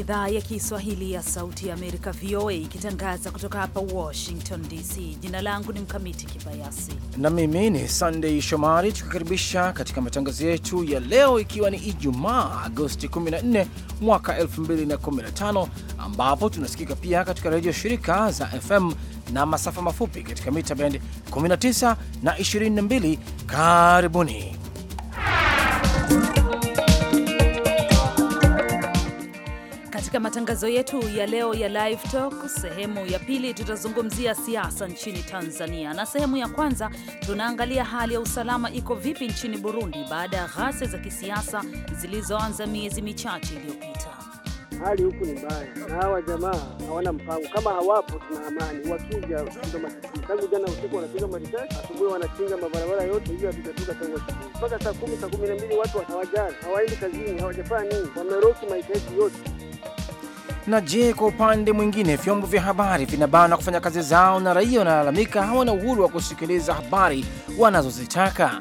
idhaa ya Kiswahili ya Sauti ya Amerika, VOA, ikitangaza kutoka hapa Washington DC. Jina langu ni Mkamiti Kibayasi na mimi ni Sandei Shomari, tukikaribisha katika matangazo yetu ya leo, ikiwa ni Ijumaa Agosti 14 mwaka 2015, ambapo tunasikika pia katika redio shirika za FM na masafa mafupi katika mita bendi 19 na 22. Karibuni katika matangazo yetu ya leo ya Live Talk sehemu ya pili, tutazungumzia siasa nchini Tanzania, na sehemu ya kwanza tunaangalia hali ya usalama iko vipi nchini Burundi baada ya ghasia za kisiasa zilizoanza miezi michache iliyopita. Hali huku ni mbaya na hawa jamaa hawana mpango. Kama hawapo, tuna amani, wakija ndo matatizo. Tangu jana usiku wanapiga marisasi, asubuhi wanachinga mabarabara yote, hivyo hatujatoka tangu asubuhi mpaka saa kumi saa kumi na mbili watu hawajali, hawaendi kazini, hawajafanya nini, wameroki maisha yetu yote. Na je, kwa upande mwingine vyombo vya habari vinabana kufanya kazi zao na raia wanalalamika hawana uhuru wa kusikiliza habari wanazozitaka.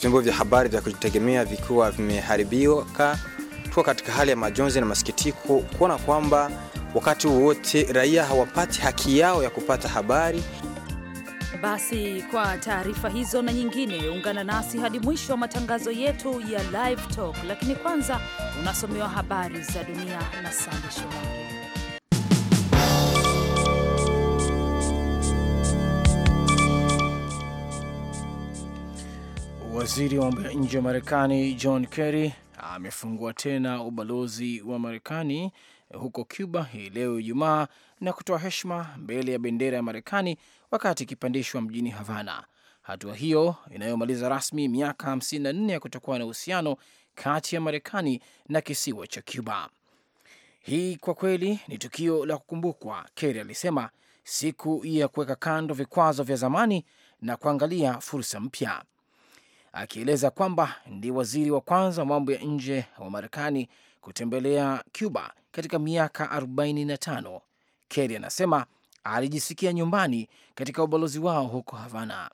Vyombo vya habari vya kujitegemea vikiwa vimeharibiwa, tuko katika hali ya majonzi na masikitiko kuona kwamba wakati wowote raia hawapati haki yao ya kupata habari. Basi kwa taarifa hizo na nyingine, ungana nasi hadi mwisho wa matangazo yetu ya Live Talk, lakini kwanza unasomewa habari za dunia na Sande Shomari. Waziri wa mambo ya nje wa Marekani John Kerry amefungua tena ubalozi wa Marekani huko Cuba hii leo Ijumaa na kutoa heshima mbele ya bendera ya Marekani wakati ikipandishwa mjini Havana. Hatua hiyo inayomaliza rasmi miaka 54 ya kutokuwa na uhusiano kati ya Marekani na kisiwa cha Cuba. Hii kwa kweli ni tukio la kukumbukwa, Kerry alisema, siku ya kuweka kando vikwazo vya zamani na kuangalia fursa mpya, akieleza kwamba ndi waziri wa kwanza wa mambo ya nje wa Marekani kutembelea Cuba katika miaka 45. Kerry anasema alijisikia nyumbani katika ubalozi wao huko Havana.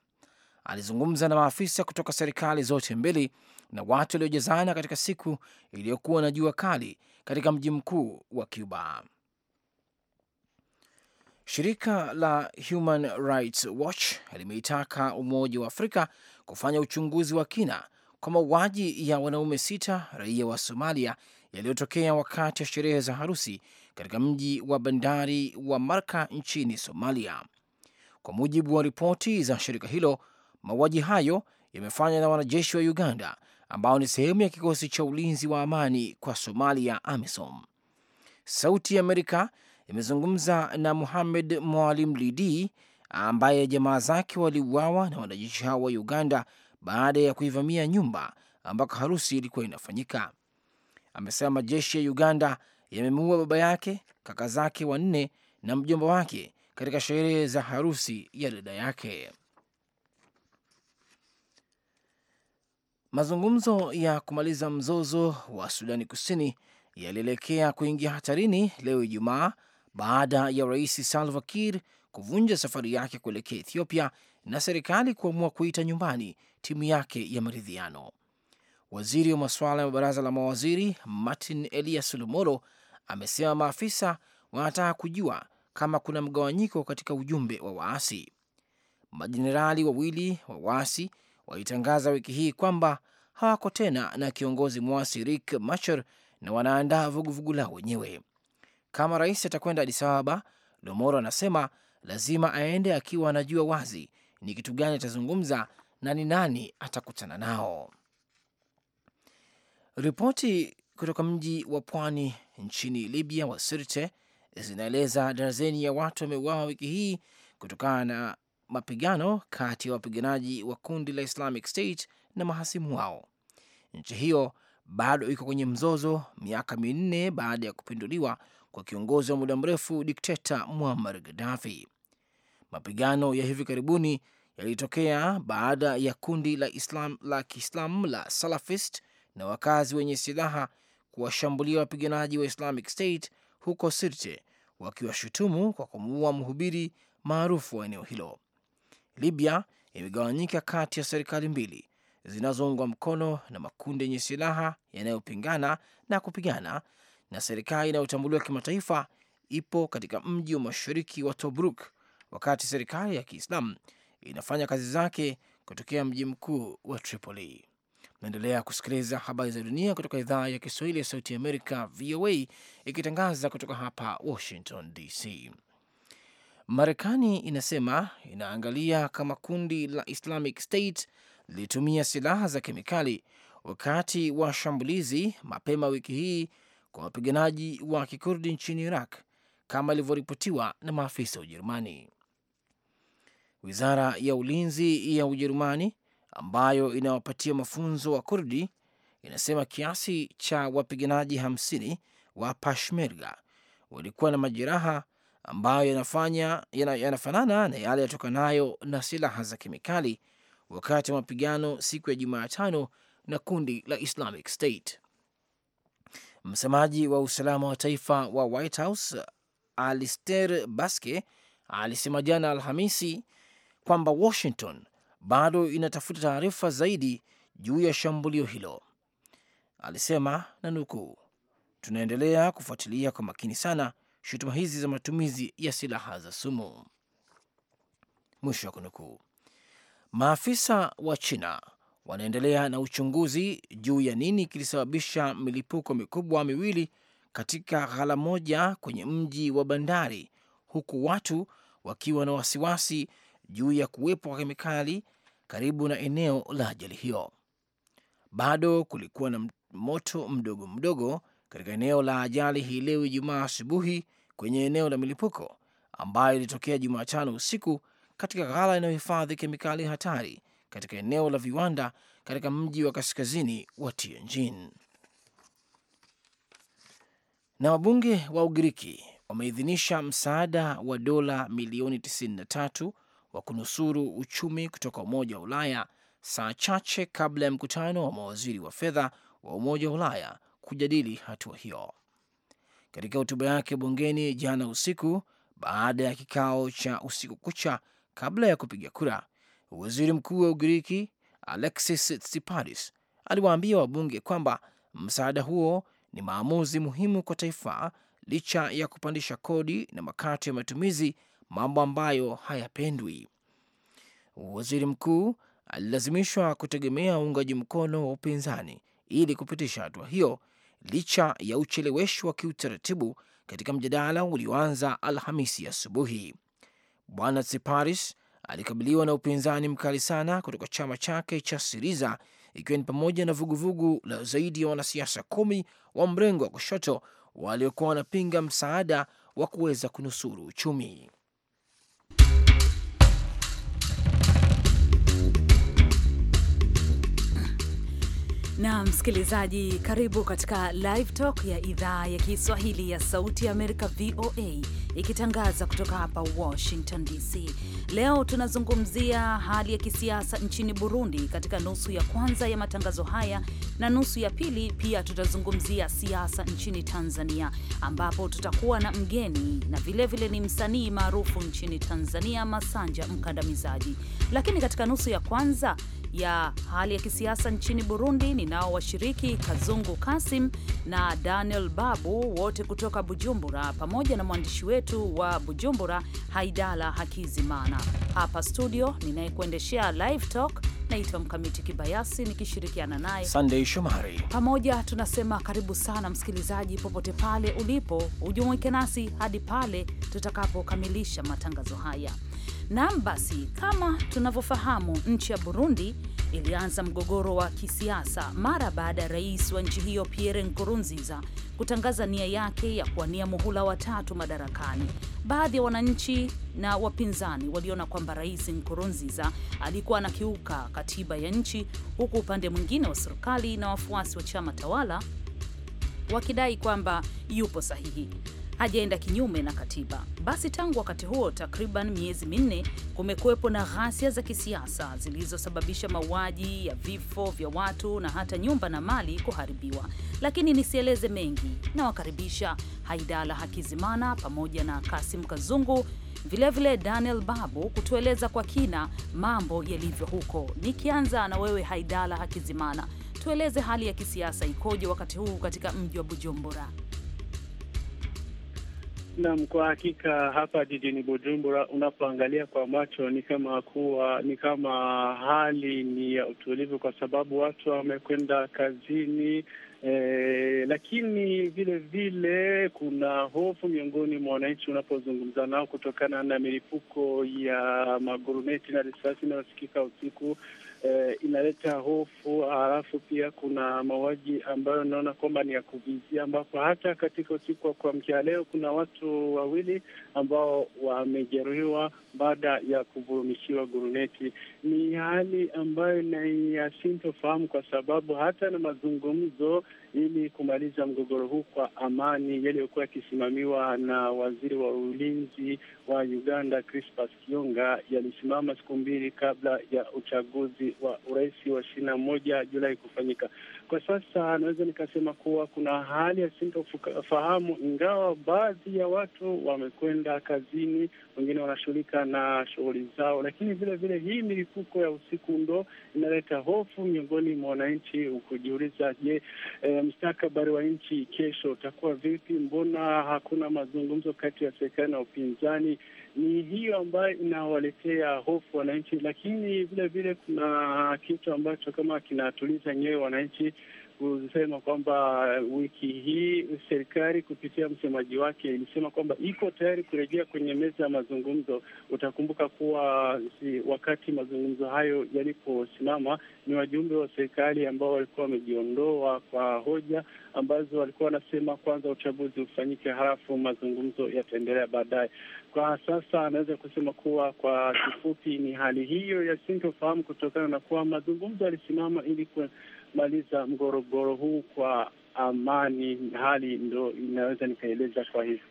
Alizungumza na maafisa kutoka serikali zote mbili na watu waliojazana katika siku iliyokuwa na jua kali katika mji mkuu wa Cuba. Shirika la Human Rights Watch limeitaka Umoja wa Afrika kufanya uchunguzi wa kina kwa mauaji ya wanaume sita raia wa Somalia yaliyotokea wakati wa sherehe za harusi katika mji wa bandari wa Marka nchini Somalia. Kwa mujibu wa ripoti za shirika hilo, mauaji hayo yamefanywa na wanajeshi wa Uganda ambao ni sehemu ya kikosi cha ulinzi wa amani kwa Somalia, AMISOM. Sauti ya Amerika imezungumza na Muhamed Mwalim Lidi ambaye jamaa zake waliuawa na wanajeshi hao wa Uganda baada ya kuivamia nyumba ambako harusi ilikuwa inafanyika. Amesema majeshi ya Uganda yamemuua baba yake, kaka zake wanne na mjomba wake katika sherehe za harusi ya dada yake. Mazungumzo ya kumaliza mzozo wa Sudani Kusini yalielekea kuingia hatarini leo Ijumaa baada ya Rais Salva Kiir kuvunja safari yake kuelekea Ethiopia na serikali kuamua kuita nyumbani timu yake ya maridhiano. Waziri wa masuala ya baraza la mawaziri Martin Elias Solomoro amesema maafisa wanataka kujua kama kuna mgawanyiko katika ujumbe wa waasi. Majenerali wawili wa waasi walitangaza wiki hii kwamba hawako tena na kiongozi mwasi rik Machar na wanaandaa vuguvugu lao wenyewe. Kama rais atakwenda Addis Ababa, Lomoro anasema lazima aende akiwa anajua wazi ni kitu gani atazungumza na ni nani atakutana nao. Ripoti kutoka mji wa pwani nchini Libya wa Sirte zinaeleza darazeni ya watu wameuawa wiki hii kutokana na mapigano kati ya wapiganaji wa kundi la Islamic State na mahasimu wao. Nchi hiyo bado iko kwenye mzozo miaka minne baada ya kupinduliwa kwa kiongozi wa muda mrefu dikteta Muammar Gaddafi. Mapigano ya hivi karibuni yalitokea baada ya kundi la Kiislamu la, la Salafist na wakazi wenye silaha kuwashambulia wapiganaji wa Islamic State huko Sirte, wakiwashutumu kwa kumuua mhubiri maarufu wa eneo hilo. Libya imegawanyika kati ya serikali mbili zinazoungwa mkono na makundi yenye silaha yanayopingana na kupigana, na serikali inayotambuliwa kimataifa ipo katika mji wa mashariki wa Tobruk, wakati serikali ya Kiislamu inafanya kazi zake kutokea mji mkuu wa Tripoli. Naendelea kusikiliza habari za dunia kutoka idhaa ya Kiswahili ya Sauti Amerika, VOA, ikitangaza kutoka hapa Washington DC. Marekani inasema inaangalia kama kundi la Islamic State lilitumia silaha za kemikali wakati wa shambulizi mapema wiki hii kwa wapiganaji wa kikurdi nchini Iraq kama ilivyoripotiwa na maafisa wa Ujerumani. Wizara ya ulinzi ya Ujerumani ambayo inawapatia mafunzo wa Kurdi inasema kiasi cha wapiganaji hamsini wa Peshmerga walikuwa na majeraha ambayo yanafanya, yanafanana na yale yatokanayo na silaha za kemikali wakati wa mapigano siku ya Jumatano na kundi la Islamic State. Msemaji wa usalama wa taifa wa White House Alister Baske alisema jana Alhamisi kwamba Washington bado inatafuta taarifa zaidi juu ya shambulio hilo, alisema na nukuu, tunaendelea kufuatilia kwa makini sana shutuma hizi za matumizi ya silaha za sumu, mwisho wa kunukuu. Maafisa wa China wanaendelea na uchunguzi juu ya nini kilisababisha milipuko mikubwa miwili katika ghala moja kwenye mji wa bandari, huku watu wakiwa na wasiwasi juu ya kuwepo kwa kemikali karibu na eneo la ajali hiyo. Bado kulikuwa na moto mdogo mdogo katika eneo la ajali hii leo Ijumaa asubuhi kwenye eneo la milipuko ambayo ilitokea Jumatano usiku katika ghala inayohifadhi kemikali hatari katika eneo la viwanda katika mji wa kaskazini wa Tianjin. Na wabunge wa Ugiriki wameidhinisha msaada wa dola milioni 93 wa kunusuru uchumi kutoka Umoja wa Ulaya saa chache kabla ya mkutano wa mawaziri wa fedha wa Umoja wa Ulaya kujadili hatua hiyo. Katika hotuba yake bungeni jana usiku, baada ya kikao cha usiku kucha kabla ya kupiga kura, waziri mkuu wa Ugiriki Alexis Tsiparis aliwaambia wabunge kwamba msaada huo ni maamuzi muhimu kwa taifa licha ya kupandisha kodi na makato ya matumizi mambo ambayo hayapendwi. Waziri mkuu alilazimishwa kutegemea uungaji mkono wa upinzani ili kupitisha hatua hiyo licha ya ucheleweshi wa kiutaratibu katika mjadala ulioanza Alhamisi asubuhi. Bwana Tsiparis alikabiliwa na upinzani mkali sana kutoka chama chake cha Siriza, ikiwa ni pamoja na vuguvugu vugu la zaidi ya wanasiasa kumi wa mrengo wa kushoto waliokuwa wanapinga msaada wa kuweza kunusuru uchumi. you Na msikilizaji, karibu katika Live Talk ya idhaa ya Kiswahili ya Sauti ya Amerika, VOA, ikitangaza kutoka hapa Washington DC. Leo tunazungumzia hali ya kisiasa nchini Burundi katika nusu ya kwanza ya matangazo haya, na nusu ya pili pia tutazungumzia siasa nchini Tanzania, ambapo tutakuwa na mgeni na vilevile vile ni msanii maarufu nchini Tanzania, Masanja Mkandamizaji. Lakini katika nusu ya kwanza ya hali ya kisiasa nchini Burundi ninao washiriki Kazungu Kasim na Daniel Babu wote kutoka Bujumbura, pamoja na mwandishi wetu wa Bujumbura Haidala Hakizimana. Hapa studio ninayekuendeshea live talk naitwa Mkamiti Kibayasi nikishirikiana naye Sunday Shomari. Pamoja tunasema karibu sana msikilizaji, popote pale ulipo, ujumuike nasi hadi pale tutakapokamilisha matangazo haya. Naam, basi kama tunavyofahamu, nchi ya Burundi ilianza mgogoro wa kisiasa mara baada ya rais wa nchi hiyo Pierre Nkurunziza kutangaza nia yake ya kuwania muhula wa tatu madarakani. Baadhi ya wananchi na wapinzani waliona kwamba rais Nkurunziza alikuwa anakiuka katiba ya nchi, huku upande mwingine wa serikali na wafuasi wa chama tawala wakidai kwamba yupo sahihi hajaenda kinyume na katiba. Basi tangu wakati huo, takriban miezi minne, kumekuwepo na ghasia za kisiasa zilizosababisha mauaji ya vifo vya watu na hata nyumba na mali kuharibiwa. Lakini nisieleze mengi, nawakaribisha Haidala Hakizimana pamoja na Kasim Kazungu vilevile vile Daniel Babu kutueleza kwa kina mambo yalivyo huko. Nikianza na wewe Haidala Hakizimana, tueleze hali ya kisiasa ikoje wakati huu katika mji wa Bujumbura? Naam, kwa hakika hapa jijini Bujumbura unapoangalia kwa macho ni kama kuwa ni kama hali ni ya utulivu, kwa sababu watu wamekwenda kazini eh, lakini vile vile kuna hofu miongoni mwa wananchi unapozungumza nao kutokana na milipuko ya maguruneti na risasi inayosikika usiku eh, inaleta hofu. Halafu pia kuna mauaji ambayo naona kwamba ni ya kuvizia, ambapo hata katika usiku wa kuamkia leo kuna watu wawili ambao wamejeruhiwa baada ya kuvurumishiwa guruneti. Ni hali ambayo inaiasintofahamu kwa sababu hata na mazungumzo ili kumaliza mgogoro huu kwa amani yaliyokuwa yakisimamiwa na waziri wa ulinzi wa Uganda Crispas Kionga yalisimama siku mbili kabla ya uchaguzi wa urais wa ishirini na moja Julai kufanyika. Kwa sasa naweza nikasema kuwa kuna hali ya sintofahamu, ingawa baadhi ya watu wamekwenda kazini, wengine wanashughulika na shughuli zao, lakini vile vile hii milipuko ya usiku ndo inaleta hofu miongoni mwa wananchi, ukujiuliza je, e, eh, mstakabari wa nchi kesho utakuwa vipi? Mbona hakuna mazungumzo kati ya serikali na upinzani? Ni hiyo ambayo inawaletea hofu wananchi, lakini vile vile kuna kitu ambacho kama kinatuliza nyewe wananchi kusema kwamba uh, wiki hii serikali kupitia msemaji wake ilisema kwamba iko tayari kurejea kwenye meza ya mazungumzo. Utakumbuka kuwa si, wakati mazungumzo hayo yaliposimama ni wajumbe wa serikali ambao walikuwa wamejiondoa kwa hoja ambazo walikuwa wanasema kwanza uchaguzi ufanyike, halafu mazungumzo yataendelea baadaye. Kwa sasa anaweza kusema kuwa kwa kifupi ni hali hiyo ya sintofahamu kutokana na kuwa mazungumzo yalisimama ili kumaliza mgorogoro huu kwa amani, hali ndo inaweza nikaeleza kwa hivyo.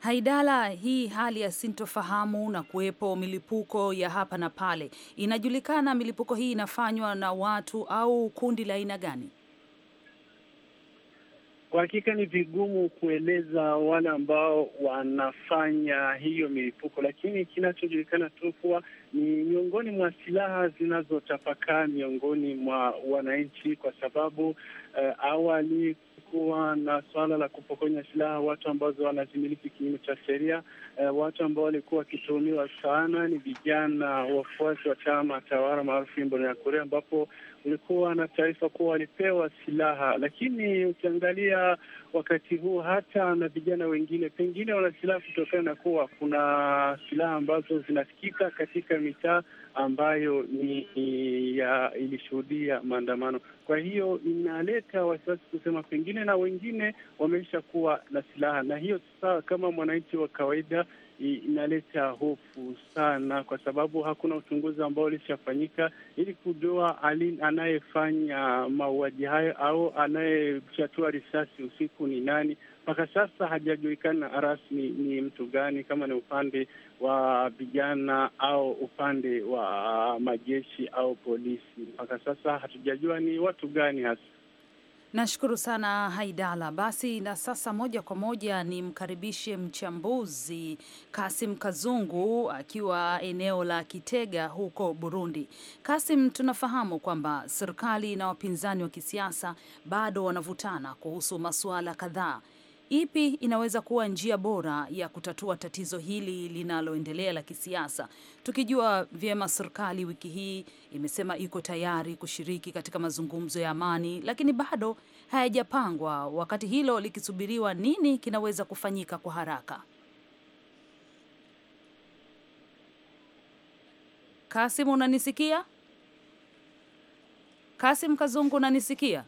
Haidala, hii hali ya sintofahamu na kuwepo milipuko ya hapa na pale, inajulikana milipuko hii inafanywa na watu au kundi la aina gani? Kwa hakika ni vigumu kueleza wale ambao wanafanya hiyo milipuko, lakini kinachojulikana tu kuwa ni miongoni mwa silaha zinazotapakaa miongoni mwa wananchi, kwa sababu uh, awali kuwa na suala la kupokonya silaha watu ambazo wanazimiliki kinyume cha sheria. Uh, watu ambao walikuwa wakituhumiwa sana ni vijana wafuasi wa chama tawala maarufu Imbonerakure, ambapo ulikuwa na taarifa kuwa walipewa silaha, lakini ukiangalia wakati huu hata na vijana wengine pengine wana silaha kutokana na kuwa kuna silaha ambazo zinasikika katika mitaa ambayo ni ya ilishuhudia maandamano. Kwa hiyo inaleta wasiwasi kusema pengine na wengine wameisha kuwa na silaha, na hiyo sasa, kama mwananchi wa kawaida inaleta hofu sana, kwa sababu hakuna uchunguzi ambao ulishafanyika ili kujua anayefanya mauaji hayo au anayefyatua risasi usiku ni nani. Mpaka sasa hajajulikana rasmi ni mtu gani, kama ni upande wa vijana au upande wa majeshi au polisi. Mpaka sasa hatujajua ni watu gani hasa Nashukuru sana Haidala. Basi na sasa moja kwa moja ni mkaribishe mchambuzi Kasim Kazungu akiwa eneo la Kitega huko Burundi. Kasim, tunafahamu kwamba serikali na wapinzani wa kisiasa bado wanavutana kuhusu masuala kadhaa ipi inaweza kuwa njia bora ya kutatua tatizo hili linaloendelea la kisiasa, tukijua vyema serikali wiki hii imesema iko tayari kushiriki katika mazungumzo ya amani, lakini bado hayajapangwa. Wakati hilo likisubiriwa, nini kinaweza kufanyika kwa haraka? Kasim, unanisikia? Kasim Kazungu, unanisikia?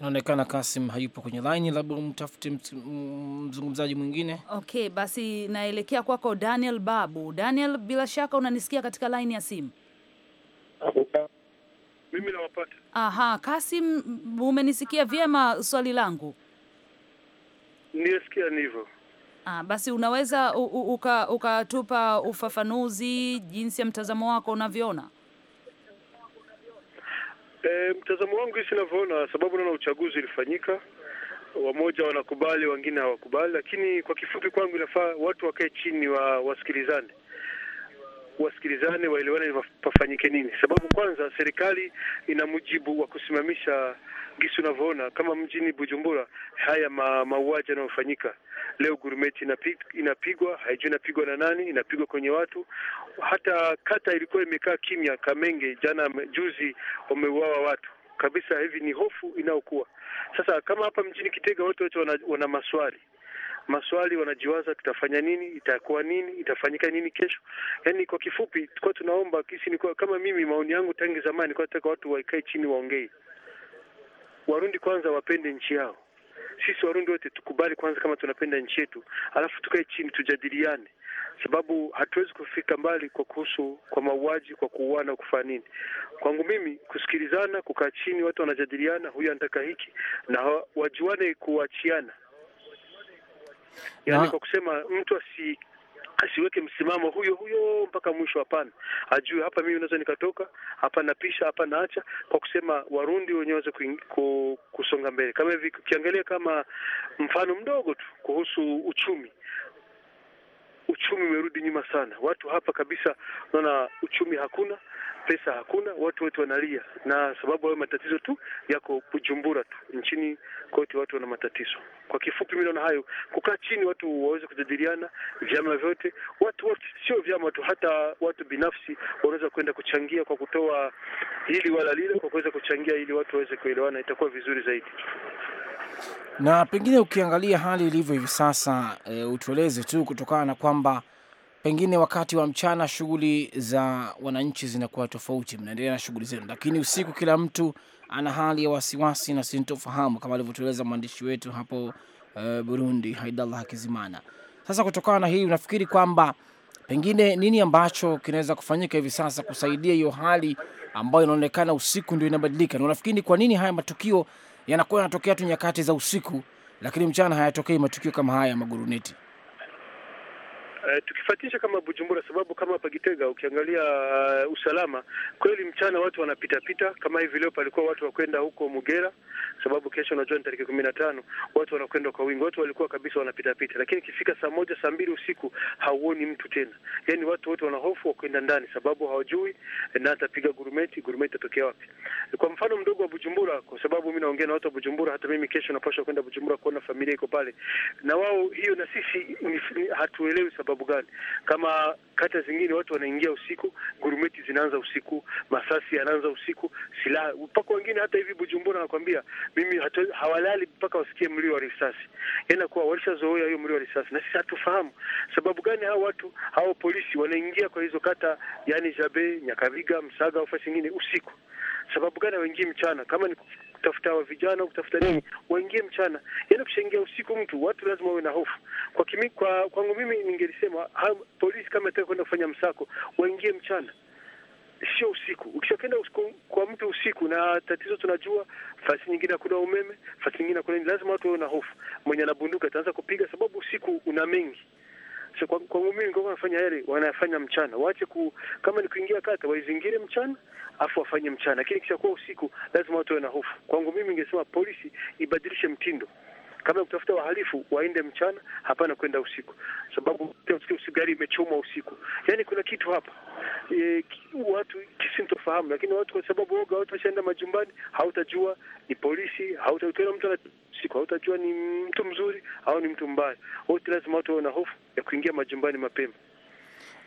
Inaonekana Kasim hayupo kwenye laini, labda umtafute mzungumzaji mwingine. Okay, basi naelekea kwako Daniel Babu. Daniel, bila shaka unanisikia katika laini ya simu? Mimi nawapata. Aha, Kasim, umenisikia vyema swali langu? Nilisikia ni hivyo. Ah, basi unaweza ukatupa uka ufafanuzi jinsi ya mtazamo wako unavyoona? E, mtazamo wangu hisi inavyoona sababu naona uchaguzi ulifanyika, wamoja wanakubali, wengine hawakubali, lakini kwa kifupi kwangu inafaa watu wakae chini, wa wasikilizane wasikilizane waelewane, pafanyike nini, sababu kwanza serikali ina mujibu wa kusimamisha, gisi unavyoona kama mjini Bujumbura haya ma, mauaji yanayofanyika Leo gurumeti inapigwa, haijui inapigwa na nani, inapigwa kwenye watu. Hata kata ilikuwa imekaa kimya. Kamenge jana juzi wameuawa watu kabisa. Hivi ni hofu inayokuwa sasa. Kama hapa mjini Kitega, watu wote wana, wana maswali maswali wanajiwaza, tutafanya nini? Itakuwa nini? Itafanyika nini kesho? Yani kwa kifupi, tukuwa tunaomba kisi, ni kama mimi, maoni yangu tangu zamani, nataka watu waikae chini, waongee. Warundi kwanza wapende nchi yao sisi Warundi wote tukubali kwanza kama tunapenda nchi yetu, alafu tukae chini tujadiliane, sababu hatuwezi kufika mbali kwa kuhusu kwa mauaji, kwa kuuana, kufanya nini. Kwangu mimi kusikilizana, kukaa chini, watu wanajadiliana, huyu anataka hiki na wajuane kuachiana, yaani kwa kusema mtu asi asiweke msimamo huyo huyo mpaka mwisho. Hapana, ajue hapa mimi naweza nikatoka hapa, napisha hapa, naacha kwa kusema Warundi wenyewe waweze kusonga mbele. Kama hivi ukiangalia kama mfano mdogo tu kuhusu uchumi uchumi umerudi nyuma sana. Watu hapa kabisa, unaona uchumi hakuna, pesa hakuna, watu wote wanalia, na sababu hayo matatizo tu yako Bujumbura tu, nchini kote watu wana matatizo. Kwa kifupi, mimi naona hayo, kukaa chini, watu waweze kujadiliana, vyama vyote, watu wote, sio vyama tu, hata watu binafsi wanaweza kwenda kuchangia kwa kutoa hili wala lile, kwa kuweza kuchangia ili watu waweze kuelewana, itakuwa vizuri zaidi. Na pengine ukiangalia hali ilivyo hivi sasa e, utueleze tu kutokana na kwamba pengine wakati wa mchana shughuli za wananchi zinakuwa tofauti, mnaendelea na shughuli zenu, lakini usiku kila mtu ana hali ya wasiwasi na sintofahamu kama alivyotueleza mwandishi wetu hapo e, Burundi, Haidallah Hakizimana. Sasa kutokana na hii, unafikiri kwamba pengine nini ambacho kinaweza kufanyika hivi sasa kusaidia hiyo hali ambayo inaonekana usiku ndio inabadilika, na unafikiri kwa nini haya matukio yanakuwa yanatokea tu nyakati za usiku, lakini mchana hayatokei matukio kama haya ya maguruneti. Uh, eh, tukifatisha kama Bujumbura, sababu kama hapa Gitega ukiangalia uh, usalama kweli, mchana watu wanapita pita, Kama hivi leo palikuwa watu wakwenda huko Mugera, sababu kesho unajua ni tarehe kumi na tano, watu wanakwenda kwa wingi, watu walikuwa kabisa wanapita pita, lakini ikifika saa moja saa mbili usiku hauoni mtu tena, yani watu wote wanahofu wa kwenda ndani, sababu hawajui eh, na atapiga gurumeti, gurumeti atokea wapi? Kwa mfano mdogo wa Bujumbura, kwa sababu mimi naongea na watu wa Bujumbura, hata mimi kesho napaswa kwenda Bujumbura kuona familia iko pale na wao, hiyo na sisi hatuelewi sababu sababu gani? Kama kata zingine watu wanaingia usiku, gurumeti zinaanza usiku, masasi yanaanza usiku, silaha mpaka wengine hata hivi Bujumbura anakwambia mimi hatu, hawalali mpaka wasikie mlio wa risasi. Yaani kuwa walishazoea hiyo mlio wa risasi, na sisi hatufahamu sababu gani hao watu hao polisi wanaingia kwa hizo kata, yani Jabe, Nyakabiga, Msaga au fasi nyingine usiku. Sababu gani hawaingii mchana? Kama ni kutafuta wa vijana kutafuta nini, waingie mchana, yani kushaingia usiku mtu, watu lazima wawe na hofu. Kwa kimi, kwa kwangu mimi ningelisema polisi kama itaka kwenda kufanya msako waingie mchana, sio usiku. Ukishakenda usiku kwa mtu usiku, na tatizo tunajua, fasi nyingine hakuna umeme, fasi nyingine hakuna, lazima watu wawe na hofu. Mwenye anabunduka ataanza kupiga, sababu usiku una mengi So, kwa, kwangu mimi kwa wanafanya yale wanafanya mchana, waache ku, kama ni kuingia kata waizingire mchana afu wafanye mchana, lakini kisha kuwa usiku lazima watu wawe na hofu. Kwangu mimi ningesema polisi ibadilishe mtindo kama kutafuta wahalifu waende mchana, hapana kwenda usiku, sababu sigari imechomwa usiku. Yani kuna kitu hapa e, watu kisintofahamu, lakini watu kwa sababu woga, watu washaenda majumbani, hautajua ni polisi, hautakiona mtu usiku, hautajua ni mtu mzuri au ni mtu mbaya. Wote lazima watu wawe na hofu ya kuingia majumbani mapema.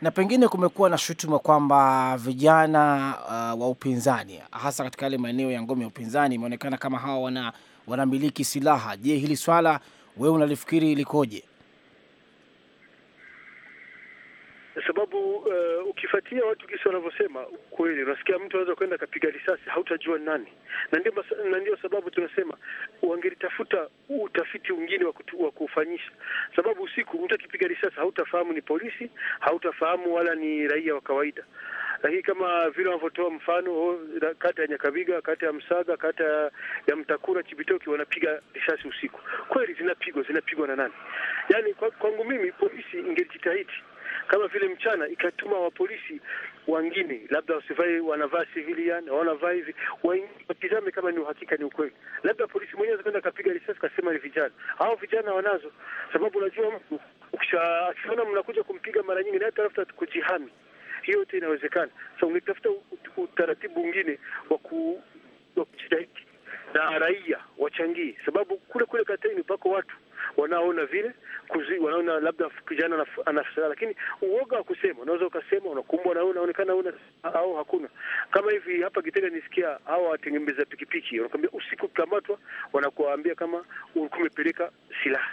Na pengine kumekuwa na shutuma kwamba vijana uh, wa upinzani hasa katika yale maeneo ya ngome ya upinzani imeonekana kama hawa wana wanamiliki silaha. Je, hili swala wewe unalifikiri likoje sababu uh, eh, ukifuatia watu kisi wanavyosema kweli, unasikia mtu anaweza kwenda akapiga risasi, hautajua nani. Na ndio sababu tunasema wangelitafuta utafiti mwingine wa kufanyisha, sababu usiku mtu akipiga risasi hautafahamu ni polisi, hautafahamu wala ni raia wa kawaida. Lakini kama vile wanavyotoa mfano, oh, kata ya Nyakabiga, kata ya Msaga, kata ya Mtakura, Chibitoki, wanapiga risasi usiku, kweli zinapigwa, zinapigwa na nani? Yani kwangu mimi polisi ingelijitahidi kama vile mchana, ikatuma wapolisi wengine, labda wasivai, wanavaa civilian, wanavaa hivi, watizame kama ni uhakika, ni ukweli. Labda polisi mwenyewe akaenda akapiga risasi, kasema ni vijana hao. Vijana wanazo sababu, unajua mtu ukishaona mnakuja kumpiga mara nyingi, naye tafuta kujihami, hiyo yote inawezekana. so, ungetafuta utaratibu mwingine wa ku wa kujitahidi na raia wachangie, sababu kule kule kateni pako watu wanaona vile kuzi, wanaona labda kijana anafsara, lakini uoga wa kusema, unaweza ukasema unakumbwa na unaonekana una au hakuna. Kama hivi hapa Kitega nisikia hao watengemeza pikipiki wanakuambia usiku kamatwa, wanakuambia kama kumepeleka silaha.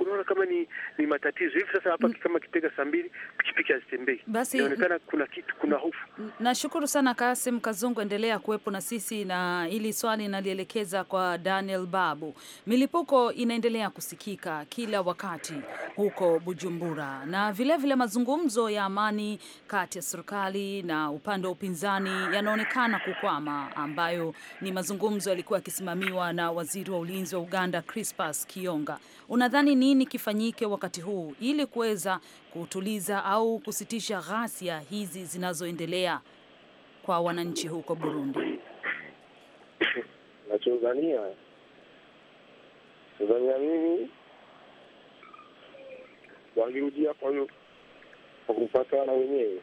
Unaona kama ni, ni matatizo hivi sasa hapa mm. kama Kitega saa mbili pikipiki hazitembei, inaonekana kuna kitu, kuna hofu Nashukuru sana Kasim Kazungu, endelea kuwepo na sisi, na ili swali nalielekeza kwa Daniel Babu. Milipuko inaendelea kusikika kila wakati huko Bujumbura, na vilevile vile mazungumzo ya amani kati ya serikali na upande wa upinzani yanaonekana kukwama, ambayo ni mazungumzo yalikuwa yakisimamiwa na waziri wa ulinzi wa Uganda Crispas Kionga. Unadhani nini kifanyike wakati huu ili kuweza kutuliza au kusitisha ghasia hizi zinazoendelea kwa wananchi huko Burundi? Nachodhania tanzania mimi wangerudia kwa kupatana wenyewe,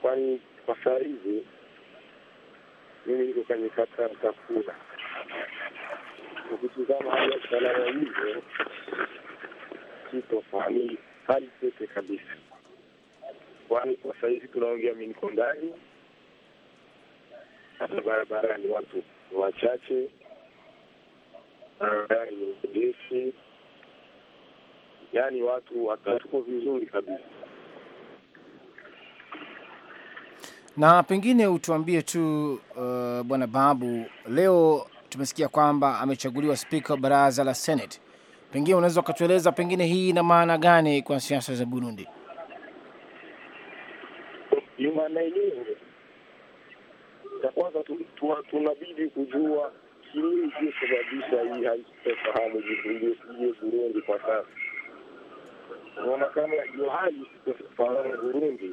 kwani kwa saa hizi mimi niko kwenye kata ya Mtakura. Ukitizama hali ya usalama hivyo si tofauti hali tete kabisa, kwani kwa sahizi tunaongea, mi niko ndani, hata barabara ni watu wachache, barabara ni jeshi, yaani watu watatuko vizuri kabisa. Na pengine utuambie tu uh, Bwana Babu, leo tumesikia kwamba amechaguliwa spika baraza la Senate pengine unaweza ukatueleza pengine hii ina maana gani kwa siasa za Burundi? Ni maana yenyewe ya kwanza, tunabidi kujua kile iliyosababisha hii haitofahamu iliyo Burundi kwa sasa. Unaona, kama hiyo hali isitofahamu Burundi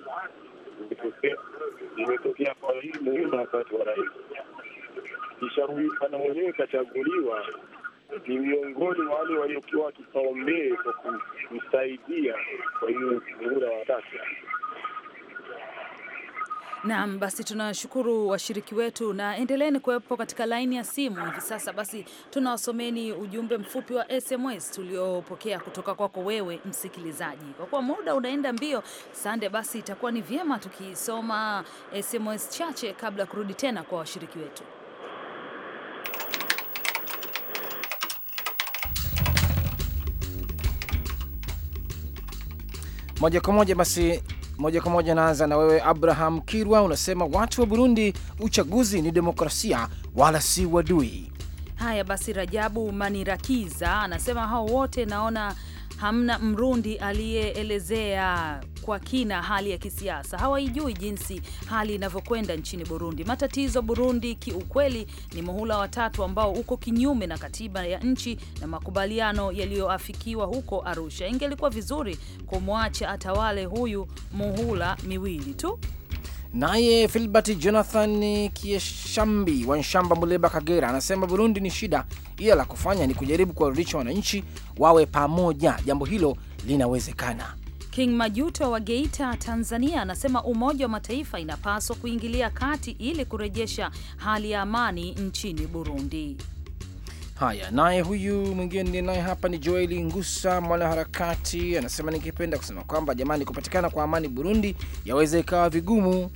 imetokea kwa hii muhimu wakati wa rais Kisha huyu bwana mwenyewe kachaguliwa ni miongoni mwa wale waliokuwa wakipaumbele kwa kumsaidia kwa hiyo muhula wa tatu. Naam, basi tunashukuru washiriki wetu na endeleeni kuwepo katika laini ya simu hivi sasa. Basi tunawasomeni ujumbe mfupi wa SMS tuliopokea kutoka kwako wewe msikilizaji. Kwa kuwa muda unaenda mbio, Sande, basi itakuwa ni vyema tukisoma SMS chache kabla ya kurudi tena kwa washiriki wetu. moja kwa moja. Basi moja kwa moja naanza na wewe Abraham Kirwa, unasema watu wa Burundi, uchaguzi ni demokrasia wala si wadui. Haya basi, Rajabu Manirakiza anasema hao wote naona hamna Mrundi aliyeelezea kwa kina hali ya kisiasa, hawaijui jinsi hali inavyokwenda nchini Burundi. Matatizo Burundi kiukweli ni muhula watatu ambao uko kinyume na katiba ya nchi na makubaliano yaliyoafikiwa huko Arusha. Ingelikuwa vizuri kumwacha atawale huyu muhula miwili tu. Naye Filbert Jonathan Kieshambi wa nshamba Muleba, Kagera, anasema Burundi ni shida, ila la kufanya ni kujaribu kuwarudisha wananchi wawe pamoja. Jambo hilo linawezekana. King Majuto wa Geita, Tanzania, anasema Umoja wa Mataifa inapaswa kuingilia kati ili kurejesha hali ya amani nchini Burundi. Haya, naye huyu mwingine naye hapa ni Joeli Ngusa, mwanaharakati, anasema ningependa kusema kwamba jamani, kupatikana kwa amani Burundi yaweza ikawa vigumu,